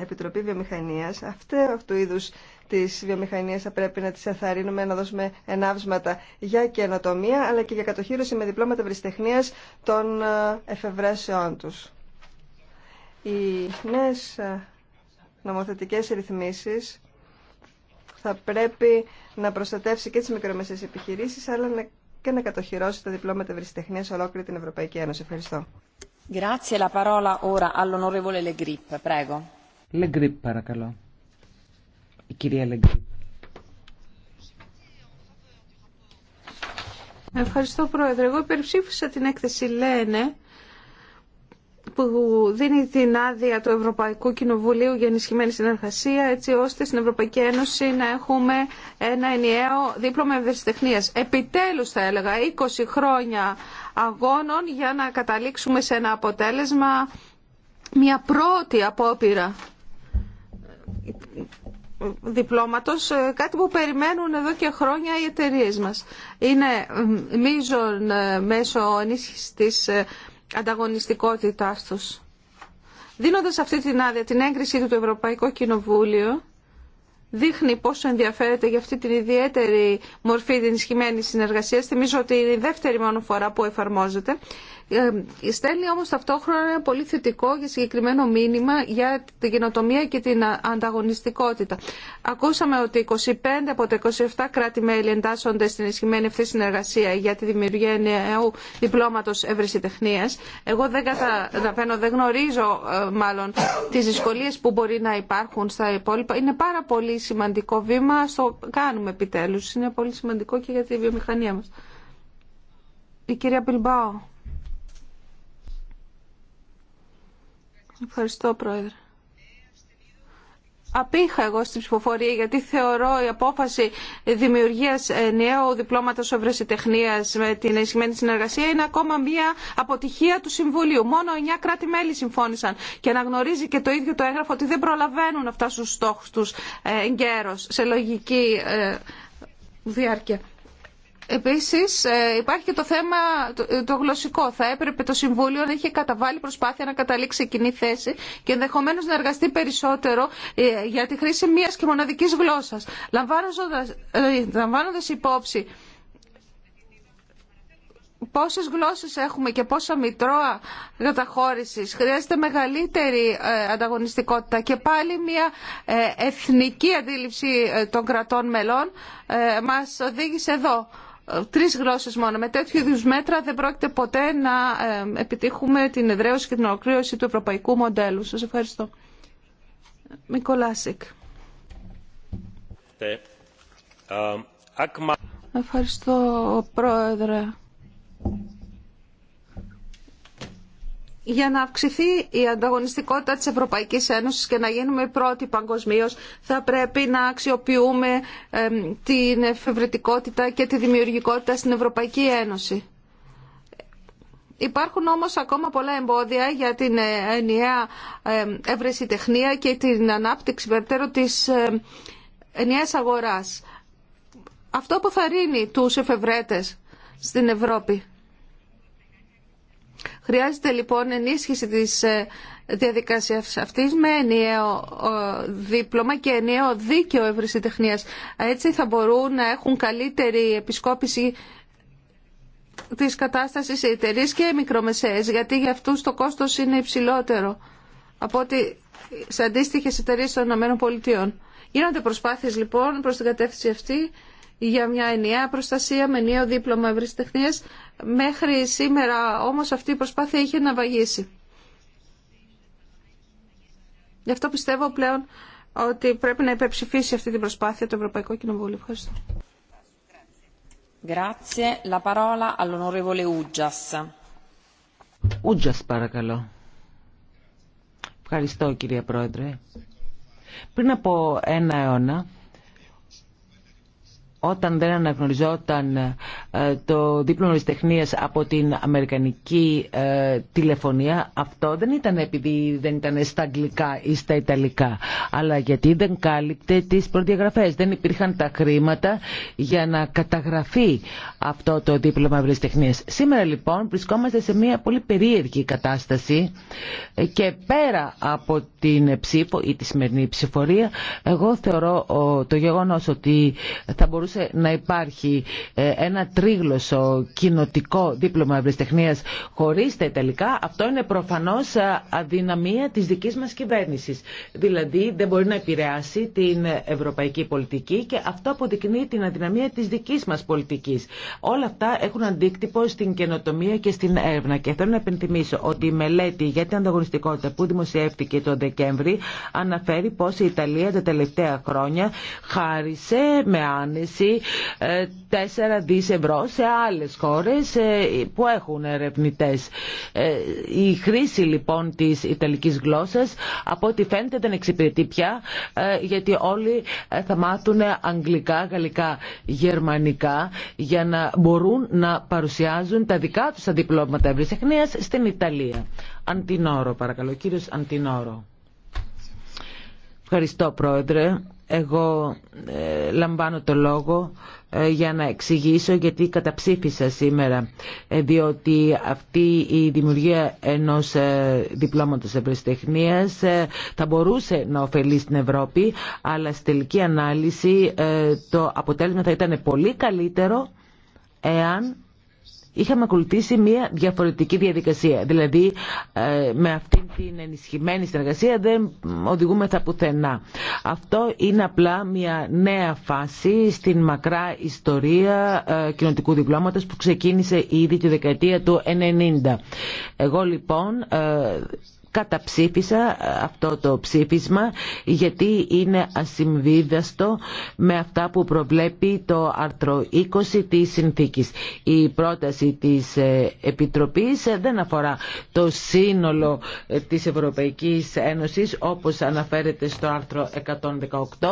Επιτροπή Βιομηχανίας, αυτέ αυτού είδου της βιομηχανίας θα πρέπει να τις αθαρρύνουμε να δώσουμε ενάυσματα για καινοτομία, αλλά και για κατοχήρωση με διπλώματα βριστεχνίας των ε, εφευρέσεών τους. Οι νέες ε, νομοθετικές ρυθμίσεις θα πρέπει να προστατεύσει και τις μικρομεσαίες επιχειρήσεις, αλλά και να κατοχυρώσει τα διπλώματα ευρεσιτεχνία σε ολόκληρη την Ευρωπαϊκή Ένωση. Ευχαριστώ. Grazie, la parola ora all'onorevole Le Grip, prego. Λεγκρίπ παρακαλώ. Η κυρία Λεγκρίπ. Ευχαριστώ Πρόεδρε. Εγώ υπερψήφισα την έκθεση Λένε που δίνει την άδεια του Ευρωπαϊκού Κοινοβουλίου για ενισχυμένη συνεργασία έτσι ώστε στην Ευρωπαϊκή Ένωση να έχουμε ένα ενιαίο δίπλωμα ευαισθητεχνίας. Επιτέλους θα έλεγα 20 χρόνια αγώνων για να καταλήξουμε σε ένα αποτέλεσμα μια πρώτη απόπειρα διπλώματος, ε, κάτι που περιμένουν εδώ και χρόνια οι εταιρείε μας. Είναι μείζον ε, μέσω ενίσχυσης της ε, ανταγωνιστικότητάς τους. Δίνοντας αυτή την άδεια, την έγκριση του το Ευρωπαϊκό Κοινοβούλιο, δείχνει πόσο ενδιαφέρεται για αυτή την ιδιαίτερη μορφή ενισχυμένη συνεργασία. Θυμίζω ότι είναι η δεύτερη μόνο φορά που εφαρμόζεται. Ε, στέλνει όμως ταυτόχρονα ένα πολύ θετικό και συγκεκριμένο μήνυμα για την καινοτομία και την ανταγωνιστικότητα. Ακούσαμε ότι 25 από τα 27 κράτη-μέλη εντάσσονται στην ισχυμένη αυτή συνεργασία για τη δημιουργία νέου διπλώματος τεχνίας. Εγώ δεν καταλαβαίνω, δεν γνωρίζω ε, μάλλον τις δυσκολίες που μπορεί να υπάρχουν στα υπόλοιπα. Είναι πάρα πολύ σημαντικό βήμα, στο κάνουμε επιτέλους. Είναι πολύ σημαντικό και για τη βιομηχανία μας. Η κυρία Πιλμπάου. Ευχαριστώ, Πρόεδρε. Απήχα εγώ στην ψηφοφορία γιατί θεωρώ η απόφαση δημιουργία νέου διπλώματο ευρεσιτεχνία με την ενισχυμένη συνεργασία είναι ακόμα μία αποτυχία του Συμβουλίου. Μόνο 9 κράτη-μέλη συμφώνησαν και αναγνωρίζει και το ίδιο το έγγραφο ότι δεν προλαβαίνουν αυτά φτάσουν στου στόχου του ε, εγκαίρω σε λογική ε, διάρκεια. Επίσης ε, υπάρχει και το θέμα το γλωσσικό. Θα έπρεπε το Συμβούλιο να είχε καταβάλει προσπάθεια να καταλήξει κοινή θέση και ενδεχομένως να εργαστεί περισσότερο ε, για τη χρήση μίας και μοναδικής γλώσσας. Λαμβάνοντα ε, υπόψη πόσες γλώσσες έχουμε και πόσα μητρώα καταχώρησης. Χρειάζεται μεγαλύτερη ανταγωνιστικότητα και πάλι μια εθνική αντίληψη των κρατών μελών μας οδήγησε εδώ τρεις γλώσσες μόνο. Με τέτοιου είδους μέτρα δεν πρόκειται ποτέ να επιτύχουμε την εδραίωση και την ολοκλήρωση του ευρωπαϊκού μοντέλου. Σας ευχαριστώ. Μικολάσικ. Ευχαριστώ, Πρόεδρε. για να αυξηθεί η ανταγωνιστικότητα της Ευρωπαϊκής Ένωσης και να γίνουμε πρώτοι παγκοσμίω, θα πρέπει να αξιοποιούμε την εφευρετικότητα και τη δημιουργικότητα στην Ευρωπαϊκή Ένωση. Υπάρχουν όμως ακόμα πολλά εμπόδια για την ε, ενιαία ευρεσιτεχνία και την ανάπτυξη περαιτέρω της ενιαίας αγοράς. Αυτό που θα ρίνει τους εφευρέτες στην Ευρώπη. Χρειάζεται λοιπόν ενίσχυση της ε, διαδικασία αυτή με ενιαίο ε, δίπλωμα και ενιαίο δίκαιο τεχνίας. Έτσι θα μπορούν να έχουν καλύτερη επισκόπηση της κατάστασης οι εταιρείε και οι μικρομεσαίες, γιατί για αυτούς το κόστος είναι υψηλότερο από ότι σε αντίστοιχε εταιρείε των ΗΠΑ. Γίνονται προσπάθειες λοιπόν προς την κατεύθυνση αυτή για μια ενιαία προστασία με ενιαίο δίπλωμα τεχνίας. Μέχρι σήμερα όμως αυτή η προσπάθεια είχε να βαγίσει. Γι' αυτό πιστεύω πλέον ότι πρέπει να υπερψηφίσει αυτή την προσπάθεια το Ευρωπαϊκό Κοινοβούλιο. Ευχαριστώ. Grazie. Ευχαριστώ, κυρία Πρόεδρε. Πριν από ένα αιώνα, όταν δεν αναγνωριζόταν ε, το δίπλωμα τεχνίας από την αμερικανική ε, τηλεφωνία, αυτό δεν ήταν επειδή δεν ήταν στα αγγλικά ή στα ιταλικά, αλλά γιατί δεν κάλυπτε τις προδιαγραφές. Δεν υπήρχαν τα χρήματα για να καταγραφεί αυτό το δίπλωμα ευρεσιτεχνίας. Σήμερα λοιπόν βρισκόμαστε σε μια πολύ περίεργη κατάσταση και πέρα από την ψήφο ή τη σημερινή ψηφορία, εγώ θεωρώ το γεγονός ότι θα μπορούσε να υπάρχει ε, ένα τρίγλωσο κοινοτικό δίπλωμα ευρεσιτεχνία χωρί τα Ιταλικά, αυτό είναι προφανώ ε, αδυναμία τη δική μα κυβέρνηση. Δηλαδή δεν μπορεί να επηρεάσει την ευρωπαϊκή πολιτική και αυτό αποδεικνύει την αδυναμία τη δική μα πολιτική. Όλα αυτά έχουν αντίκτυπο στην καινοτομία και στην έρευνα και θέλω να επενθυμίσω ότι η μελέτη για την ανταγωνιστικότητα που δημοσιεύτηκε τον Δεκέμβρη αναφέρει πω η Ιταλία τα τελευταία χρόνια χάρισε με άνεση 4 ε, δις ευρώ σε άλλες χώρες ε, που έχουν ερευνητές. Ε, η χρήση λοιπόν της Ιταλικής γλώσσας από ό,τι φαίνεται δεν εξυπηρετεί πια γιατί όλοι θα μάθουν αγγλικά, γαλλικά, γερμανικά για να μπορούν να παρουσιάζουν τα δικά τους τα διπλώματα ευρυσεχνίας στην Ιταλία. Αντινόρο παρακαλώ, κύριος Αντινόρο. Ευχαριστώ πρόεδρε εγώ ε, λαμβάνω το λόγο ε, για να εξηγήσω γιατί καταψήφισα σήμερα ε, διότι αυτή η δημιουργία ενός διπλώματος ευρεσιτεχνίας θα μπορούσε να ωφελεί στην Ευρώπη αλλά στη τελική ανάλυση το αποτέλεσμα θα ήταν πολύ καλύτερο εάν είχαμε ακολουθήσει μια διαφορετική διαδικασία. Δηλαδή ε, με αυτή την ενισχυμένη συνεργασία δεν οδηγούμεθα πουθενά. Αυτό είναι απλά μια νέα φάση στην μακρά ιστορία ε, κοινωτικού διπλώματος που ξεκίνησε ήδη τη δεκαετία του 1990. Εγώ λοιπόν ε, καταψήφισα αυτό το ψήφισμα γιατί είναι ασυμβίβαστο με αυτά που προβλέπει το άρθρο 20 της συνθήκης. Η πρόταση της ε, Επιτροπής ε, δεν αφορά το σύνολο ε, της Ευρωπαϊκής Ένωσης όπως αναφέρεται στο άρθρο 118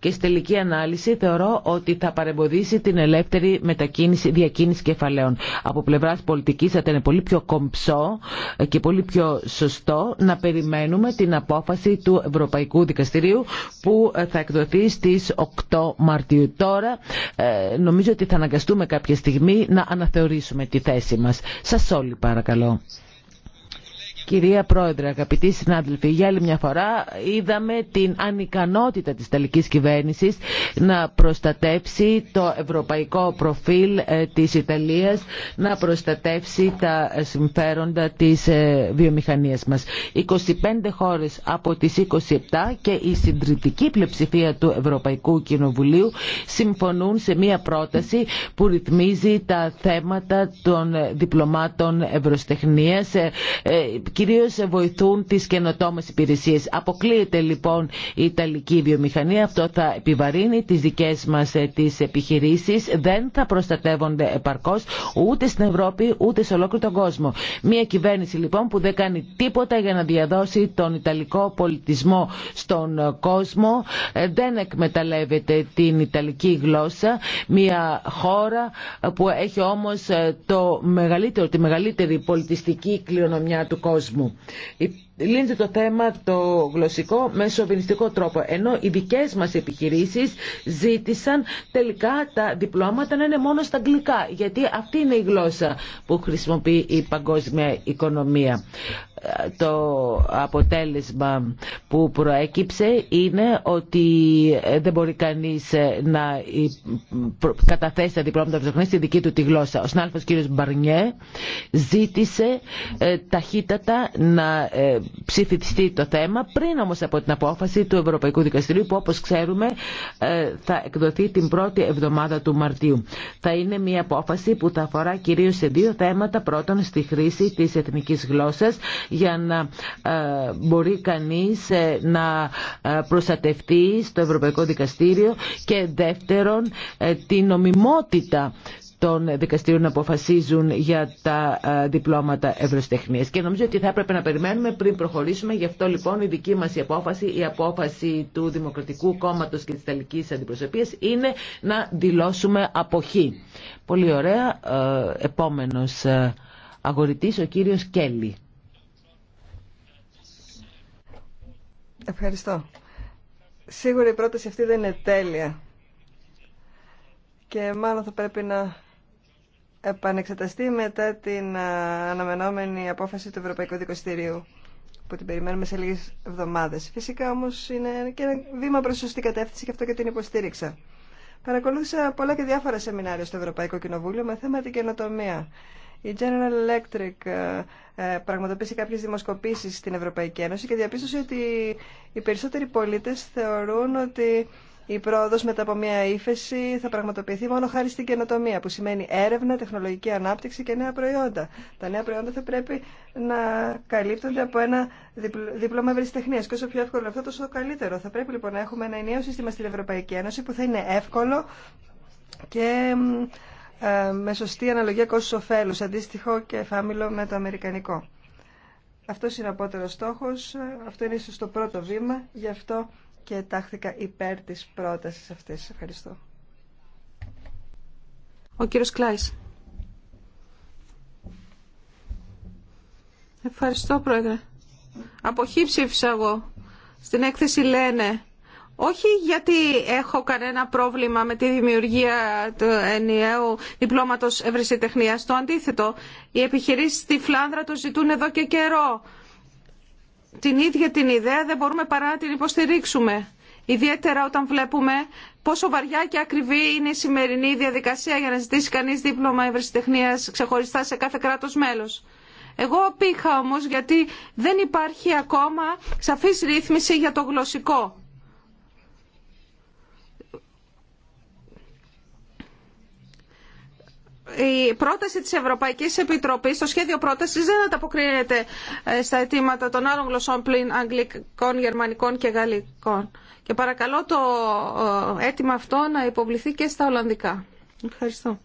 και στη τελική ανάλυση θεωρώ ότι θα παρεμποδίσει την ελεύθερη μετακίνηση, διακίνηση κεφαλαίων. Από πλευράς πολιτικής θα ήταν πολύ πιο κομψό και πολύ πιο σωστό να περιμένουμε την απόφαση του Ευρωπαϊκού Δικαστηρίου που ε, θα εκδοθεί στις 8 Μαρτίου. Τώρα ε, νομίζω ότι θα αναγκαστούμε κάποια στιγμή να αναθεωρήσουμε τη θέση μας. Σας όλοι παρακαλώ. Κυρία Πρόεδρε, αγαπητοί συνάδελφοι, για άλλη μια φορά είδαμε την ανικανότητα της Ιταλικής κυβέρνησης να προστατεύσει το ευρωπαϊκό προφίλ ε, της Ιταλίας, να προστατεύσει τα συμφέροντα της ε, βιομηχανίας μας. 25 χώρες από τις 27 και η συντριπτική πλειοψηφία του Ευρωπαϊκού Κοινοβουλίου συμφωνούν σε μια πρόταση που ρυθμίζει τα θέματα των διπλωμάτων ευρωστεχνίας ε, κυρίως βοηθούν τις καινοτόμες υπηρεσίες. Αποκλείεται λοιπόν η Ιταλική βιομηχανία, αυτό θα επιβαρύνει τις δικές μας ε, τις επιχειρήσεις, δεν θα προστατεύονται επαρκώς ούτε στην Ευρώπη ούτε σε ολόκληρο τον κόσμο. Μια κυβέρνηση λοιπόν που δεν κάνει τίποτα για να διαδώσει τον Ιταλικό πολιτισμό στον ε, κόσμο, ε, δεν εκμεταλλεύεται την Ιταλική γλώσσα, μια χώρα που έχει όμως το μεγαλύτερο, τη μεγαλύτερη πολιτιστική κληρονομιά του κόσμου μου λύνεται το θέμα το γλωσσικό με σοβινιστικό τρόπο. Ενώ οι δικές μας επιχειρήσεις ζήτησαν τελικά τα διπλώματα να είναι μόνο στα αγγλικά, γιατί αυτή είναι η γλώσσα που χρησιμοποιεί η παγκόσμια οικονομία. Το αποτέλεσμα που προέκυψε είναι ότι δεν μπορεί κανείς ε, να καταθέσει τα διπλώματα που στη δική του τη γλώσσα. Ο συνάδελφος κ. Μπαρνιέ ζήτησε ε, ταχύτατα να ε, ψηφιστεί το θέμα πριν όμως από την απόφαση του Ευρωπαϊκού Δικαστηρίου που όπως ξέρουμε ε, θα εκδοθεί την πρώτη εβδομάδα του Μαρτίου. Θα είναι μια απόφαση που θα αφορά κυρίως σε δύο θέματα. Πρώτον στη χρήση της εθνικής γλώσσας για να ε, μπορεί κανείς ε, να προστατευτεί στο Ευρωπαϊκό Δικαστήριο και δεύτερον την νομιμότητα των δικαστηρίων να αποφασίζουν για τα διπλώματα ευρωστεχνία. Και νομίζω ότι θα έπρεπε να περιμένουμε πριν προχωρήσουμε. Γι' αυτό λοιπόν η δική μα απόφαση, η απόφαση του Δημοκρατικού Κόμματο και τη Ιταλική Αντιπροσωπεία είναι να δηλώσουμε αποχή. Πολύ ωραία. Επόμενο αγορητή, ο κύριο Κέλλη. Ευχαριστώ. Σίγουρα η πρόταση αυτή δεν είναι τέλεια και μάλλον θα πρέπει να επανεξεταστεί μετά την ε, αναμενόμενη απόφαση του Ευρωπαϊκού Δικαστηρίου που την περιμένουμε σε λίγες εβδομάδες. Φυσικά όμως είναι και ένα βήμα προς σωστή κατεύθυνση και αυτό και την υποστήριξα. Παρακολούθησα πολλά και διάφορα σεμινάρια στο Ευρωπαϊκό Κοινοβούλιο με θέμα την καινοτομία. Η General Electric ε, ε, πραγματοποίησε κάποιες δημοσκοπήσεις στην Ευρωπαϊκή Ένωση και διαπίστωσε ότι οι περισσότεροι πολίτες θεωρούν ότι η πρόοδος μετά από μια ύφεση θα πραγματοποιηθεί μόνο χάρη στην καινοτομία, που σημαίνει έρευνα, τεχνολογική ανάπτυξη και νέα προϊόντα. Τα νέα προϊόντα θα πρέπει να καλύπτονται από ένα δίπλωμα ευρεσιτεχνία. Και όσο πιο εύκολο αυτό, τόσο καλύτερο. Θα πρέπει λοιπόν να έχουμε ένα ενιαίο σύστημα στην Ευρωπαϊκή Ένωση που θα είναι εύκολο και ε, με σωστή αναλογία κόστου ωφέλου, αντίστοιχο και εφάμιλο με το αμερικανικό. Αυτό είναι ο απότερο στόχο. Αυτό είναι ίσω το πρώτο βήμα. Γι' αυτό και τάχθηκα υπέρ της πρότασης αυτής. Ευχαριστώ. Ο κύριος Κλάης. Ευχαριστώ, Πρόεδρε. Αποχή ψήφισα εγώ. Στην έκθεση λένε όχι γιατί έχω κανένα πρόβλημα με τη δημιουργία του ενιαίου διπλώματος ευρεσιτεχνίας. Το αντίθετο, οι επιχειρήσεις στη Φλάνδρα το ζητούν εδώ και καιρό την ίδια την ιδέα δεν μπορούμε παρά να την υποστηρίξουμε. Ιδιαίτερα όταν βλέπουμε πόσο βαριά και ακριβή είναι η σημερινή διαδικασία για να ζητήσει κανείς δίπλωμα ευρεσιτεχνίας ξεχωριστά σε κάθε κράτος μέλος. Εγώ απήχα όμως γιατί δεν υπάρχει ακόμα σαφής ρύθμιση για το γλωσσικό. η πρόταση της Ευρωπαϊκής Επιτροπής, το σχέδιο πρότασης δεν ανταποκρίνεται ε, στα αιτήματα των άλλων γλωσσών πλην αγγλικών, γερμανικών και γαλλικών. Και παρακαλώ το ε, αίτημα αυτό να υποβληθεί και στα Ολλανδικά. Ευχαριστώ.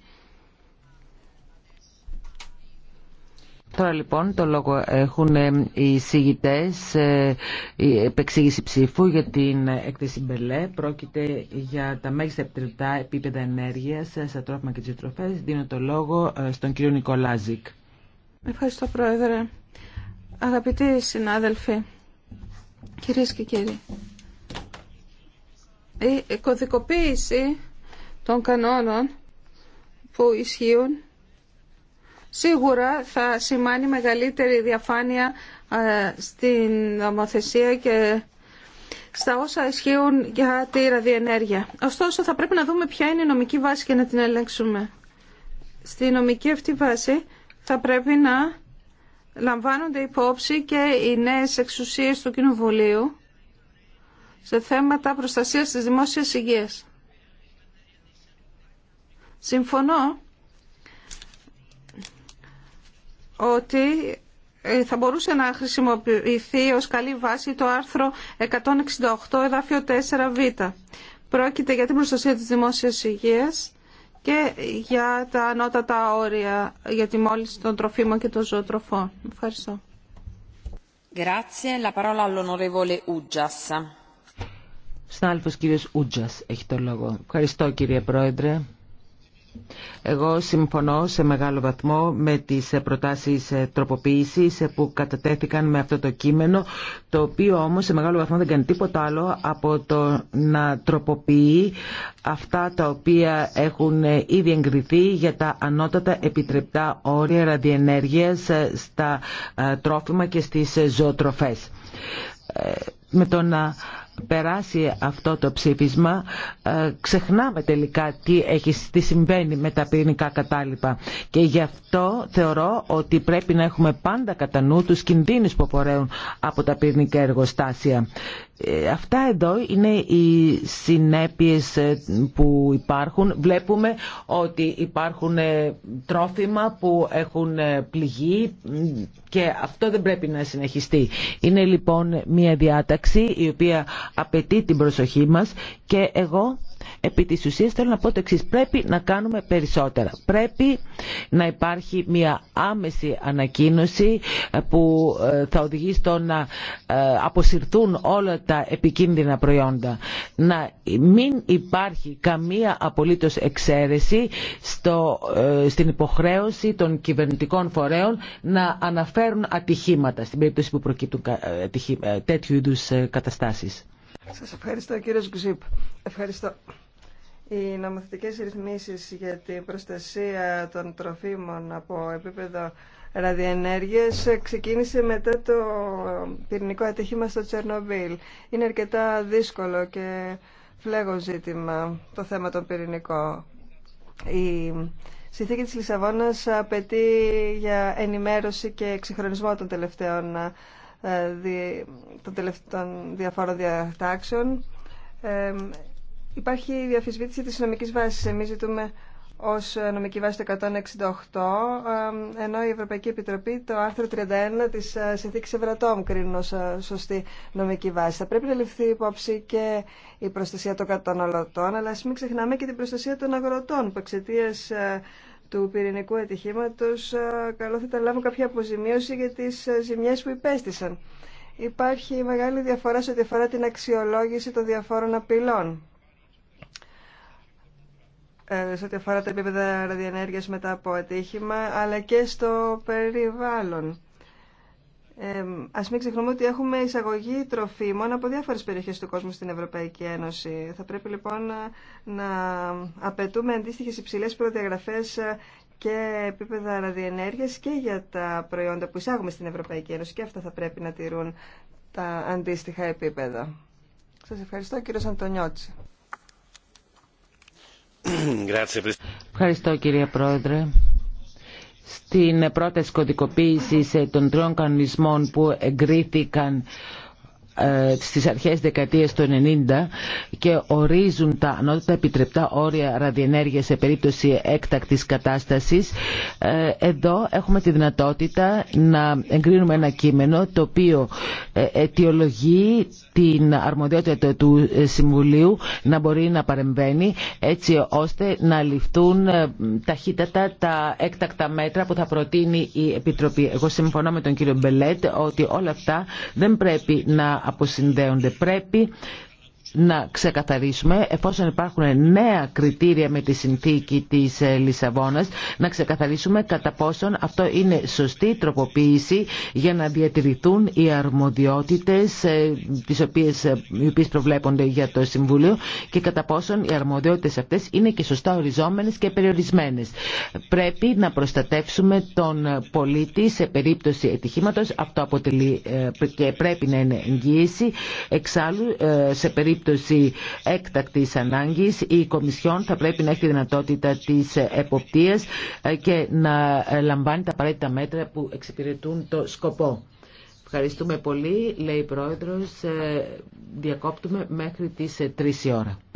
Τώρα λοιπόν το λόγο έχουν ε, οι συγητές, ε, η επεξήγηση ψήφου για την έκθεση Μπελέ. Πρόκειται για τα μέγιστα επιτρεπτά επίπεδα ενέργειας ε, στα τρόφιμα και τις τροφές. Δίνω το λόγο στον κύριο Νικολάζικ. Ευχαριστώ Πρόεδρε. Αγαπητοί συνάδελφοι, κυρίες και κύριοι, η κωδικοποίηση των κανόνων που ισχύουν σίγουρα θα σημάνει μεγαλύτερη διαφάνεια ε, στην νομοθεσία και στα όσα ισχύουν για τη ραδιενέργεια. Ωστόσο, θα πρέπει να δούμε ποια είναι η νομική βάση και να την ελέγξουμε. Στη νομική αυτή βάση θα πρέπει να λαμβάνονται υπόψη και οι νέες εξουσίες του Κοινοβουλίου σε θέματα προστασίας της δημόσιας υγείας. Συμφωνώ ότι ε, θα μπορούσε να χρησιμοποιηθεί ως καλή βάση το άρθρο 168 εδάφιο 4β. Πρόκειται για την προστασία της δημόσιας υγείας και για τα ανώτατα όρια για τη μόλυνση των τροφίμων και των ζωοτροφών. Ευχαριστώ. Συνάδελφος κύριος Ούτζας έχει το λόγο. Ευχαριστώ κύριε Πρόεδρε. Εγώ συμφωνώ σε μεγάλο βαθμό με τις προτάσεις ε, τροποποίησης ε, που κατατέθηκαν με αυτό το κείμενο, το οποίο όμως σε μεγάλο βαθμό δεν κάνει τίποτα άλλο από το να τροποποιεί αυτά τα οποία έχουν ε, ήδη εγκριθεί για τα ανώτατα επιτρεπτά όρια ραδιενέργειας στα τρόφιμα και στις ζωοτροφές. Με το περάσει αυτό το ψήφισμα ε, ξεχνάμε τελικά τι, έχει, τι συμβαίνει με τα πυρηνικά κατάλοιπα και γι' αυτό θεωρώ ότι πρέπει να έχουμε πάντα κατά νου τους κινδύνους που απορρέουν από τα πυρηνικά εργοστάσια. Αυτά εδώ είναι οι συνέπειες ε, που υπάρχουν. Βλέπουμε ότι υπάρχουν ε, τρόφιμα που έχουν ε, πληγεί και αυτό δεν πρέπει να συνεχιστεί. Είναι λοιπόν μια διάταξη η οποία απαιτεί την προσοχή μας και εγώ Επί της ουσίας θέλω να πω το εξή. Πρέπει να κάνουμε περισσότερα. Πρέπει να υπάρχει μια άμεση ανακοίνωση ε, που ε, θα οδηγεί στο να ε, αποσυρθούν όλα τα επικίνδυνα προϊόντα. Να μην υπάρχει καμία απολύτως εξαίρεση στο, στην υποχρέωση των κυβερνητικών φορέων να αναφέρουν ατυχήματα στην περίπτωση που προκύπτουν τέτοιου είδους καταστάσεις. Σας ευχαριστώ κύριε Γκζίπ. Ευχαριστώ. Οι νομοθετικές ρυθμίσεις για την προστασία των τροφίμων από επίπεδο ραδιενέργειας ξεκίνησε μετά το πυρηνικό ατύχημα στο Τσερνομπίλ. Είναι αρκετά δύσκολο και φλέγον ζήτημα το θέμα των πυρηνικών. Η συνθήκη της Λισαβόνας απαιτεί για ενημέρωση και εξυγχρονισμό των τελευταίων ε, των, των διαφόρων διατάξεων. Ε, υπάρχει η διαφυσβήτηση της νομικής βάσης. Εμείς ζητούμε ως νομική βάση το 168, ε, ενώ η Ευρωπαϊκή Επιτροπή το άρθρο 31 της Συνθήκης Ευρατόμ κρίνει ως σωστή νομική βάση. Θα πρέπει να ληφθεί υπόψη και η προστασία των κατανολωτών, αλλά ας μην ξεχνάμε και την προστασία των αγροτών, που εξαιτία του πυρηνικού ατυχήματος, ε, καλό θα ήταν να λάβουν κάποια αποζημίωση για τις ε, ζημιές που υπέστησαν. Υπάρχει μεγάλη διαφορά σε ό,τι αφορά την αξιολόγηση των διαφόρων απειλών. Ε, σε ό,τι αφορά τα επίπεδα ραδιενέργεια μετά από ατύχημα, αλλά και στο περιβάλλον. Ε, ας μην ξεχνούμε ότι έχουμε εισαγωγή τροφίμων από διάφορες περιοχές του κόσμου στην Ευρωπαϊκή Ένωση. Θα πρέπει λοιπόν να, απαιτούμε αντίστοιχες υψηλές προδιαγραφές ε, και επίπεδα ραδιενέργειας και για τα προϊόντα που εισάγουμε στην Ευρωπαϊκή Ένωση και αυτά θα πρέπει να τηρούν τα αντίστοιχα επίπεδα. Σας ευχαριστώ κύριο Αντωνιώτση. Ευχαριστώ κύριε Πρόεδρε στην πρόταση κωδικοποίησης των τριών κανονισμών που εγκρίθηκαν ε, στις αρχές δεκαετίας του 90 και ορίζουν τα ανώτατα επιτρεπτά όρια ραδιενέργειας σε περίπτωση έκτακτης κατάστασης ε, εδώ έχουμε τη δυνατότητα να εγκρίνουμε ένα κείμενο το οποίο ε, αιτιολογεί την αρμοδιότητα του Συμβουλίου να μπορεί να παρεμβαίνει έτσι ώστε να ληφθούν ταχύτατα τα έκτακτα μέτρα που θα προτείνει η Επιτροπή. Εγώ συμφωνώ με τον κύριο Μπελέτ ότι όλα αυτά δεν πρέπει να αποσυνδέονται. Πρέπει να ξεκαθαρίσουμε, εφόσον υπάρχουν νέα κριτήρια με τη συνθήκη της ε, Λισαβόνας, να ξεκαθαρίσουμε κατά πόσον αυτό είναι σωστή τροποποίηση για να διατηρηθούν οι αρμοδιότητες ε, τις οποίες, ε, οι οποίες προβλέπονται για το Συμβούλιο και κατά πόσον οι αρμοδιότητες αυτές είναι και σωστά οριζόμενες και περιορισμένες. Πρέπει να προστατεύσουμε τον πολίτη σε περίπτωση ατυχήματος, αυτό αποτελεί και πρέπει να είναι εγγύηση, εξάλλου σε περίπτωση έκτακτης ανάγκης η Κομισιόν θα πρέπει να έχει τη δυνατότητα της εποπτείας ε, και να ε, λαμβάνει τα απαραίτητα μέτρα που εξυπηρετούν το σκοπό. Ευχαριστούμε πολύ, λέει η Πρόεδρος. Ε, διακόπτουμε μέχρι τις 3 η ώρα.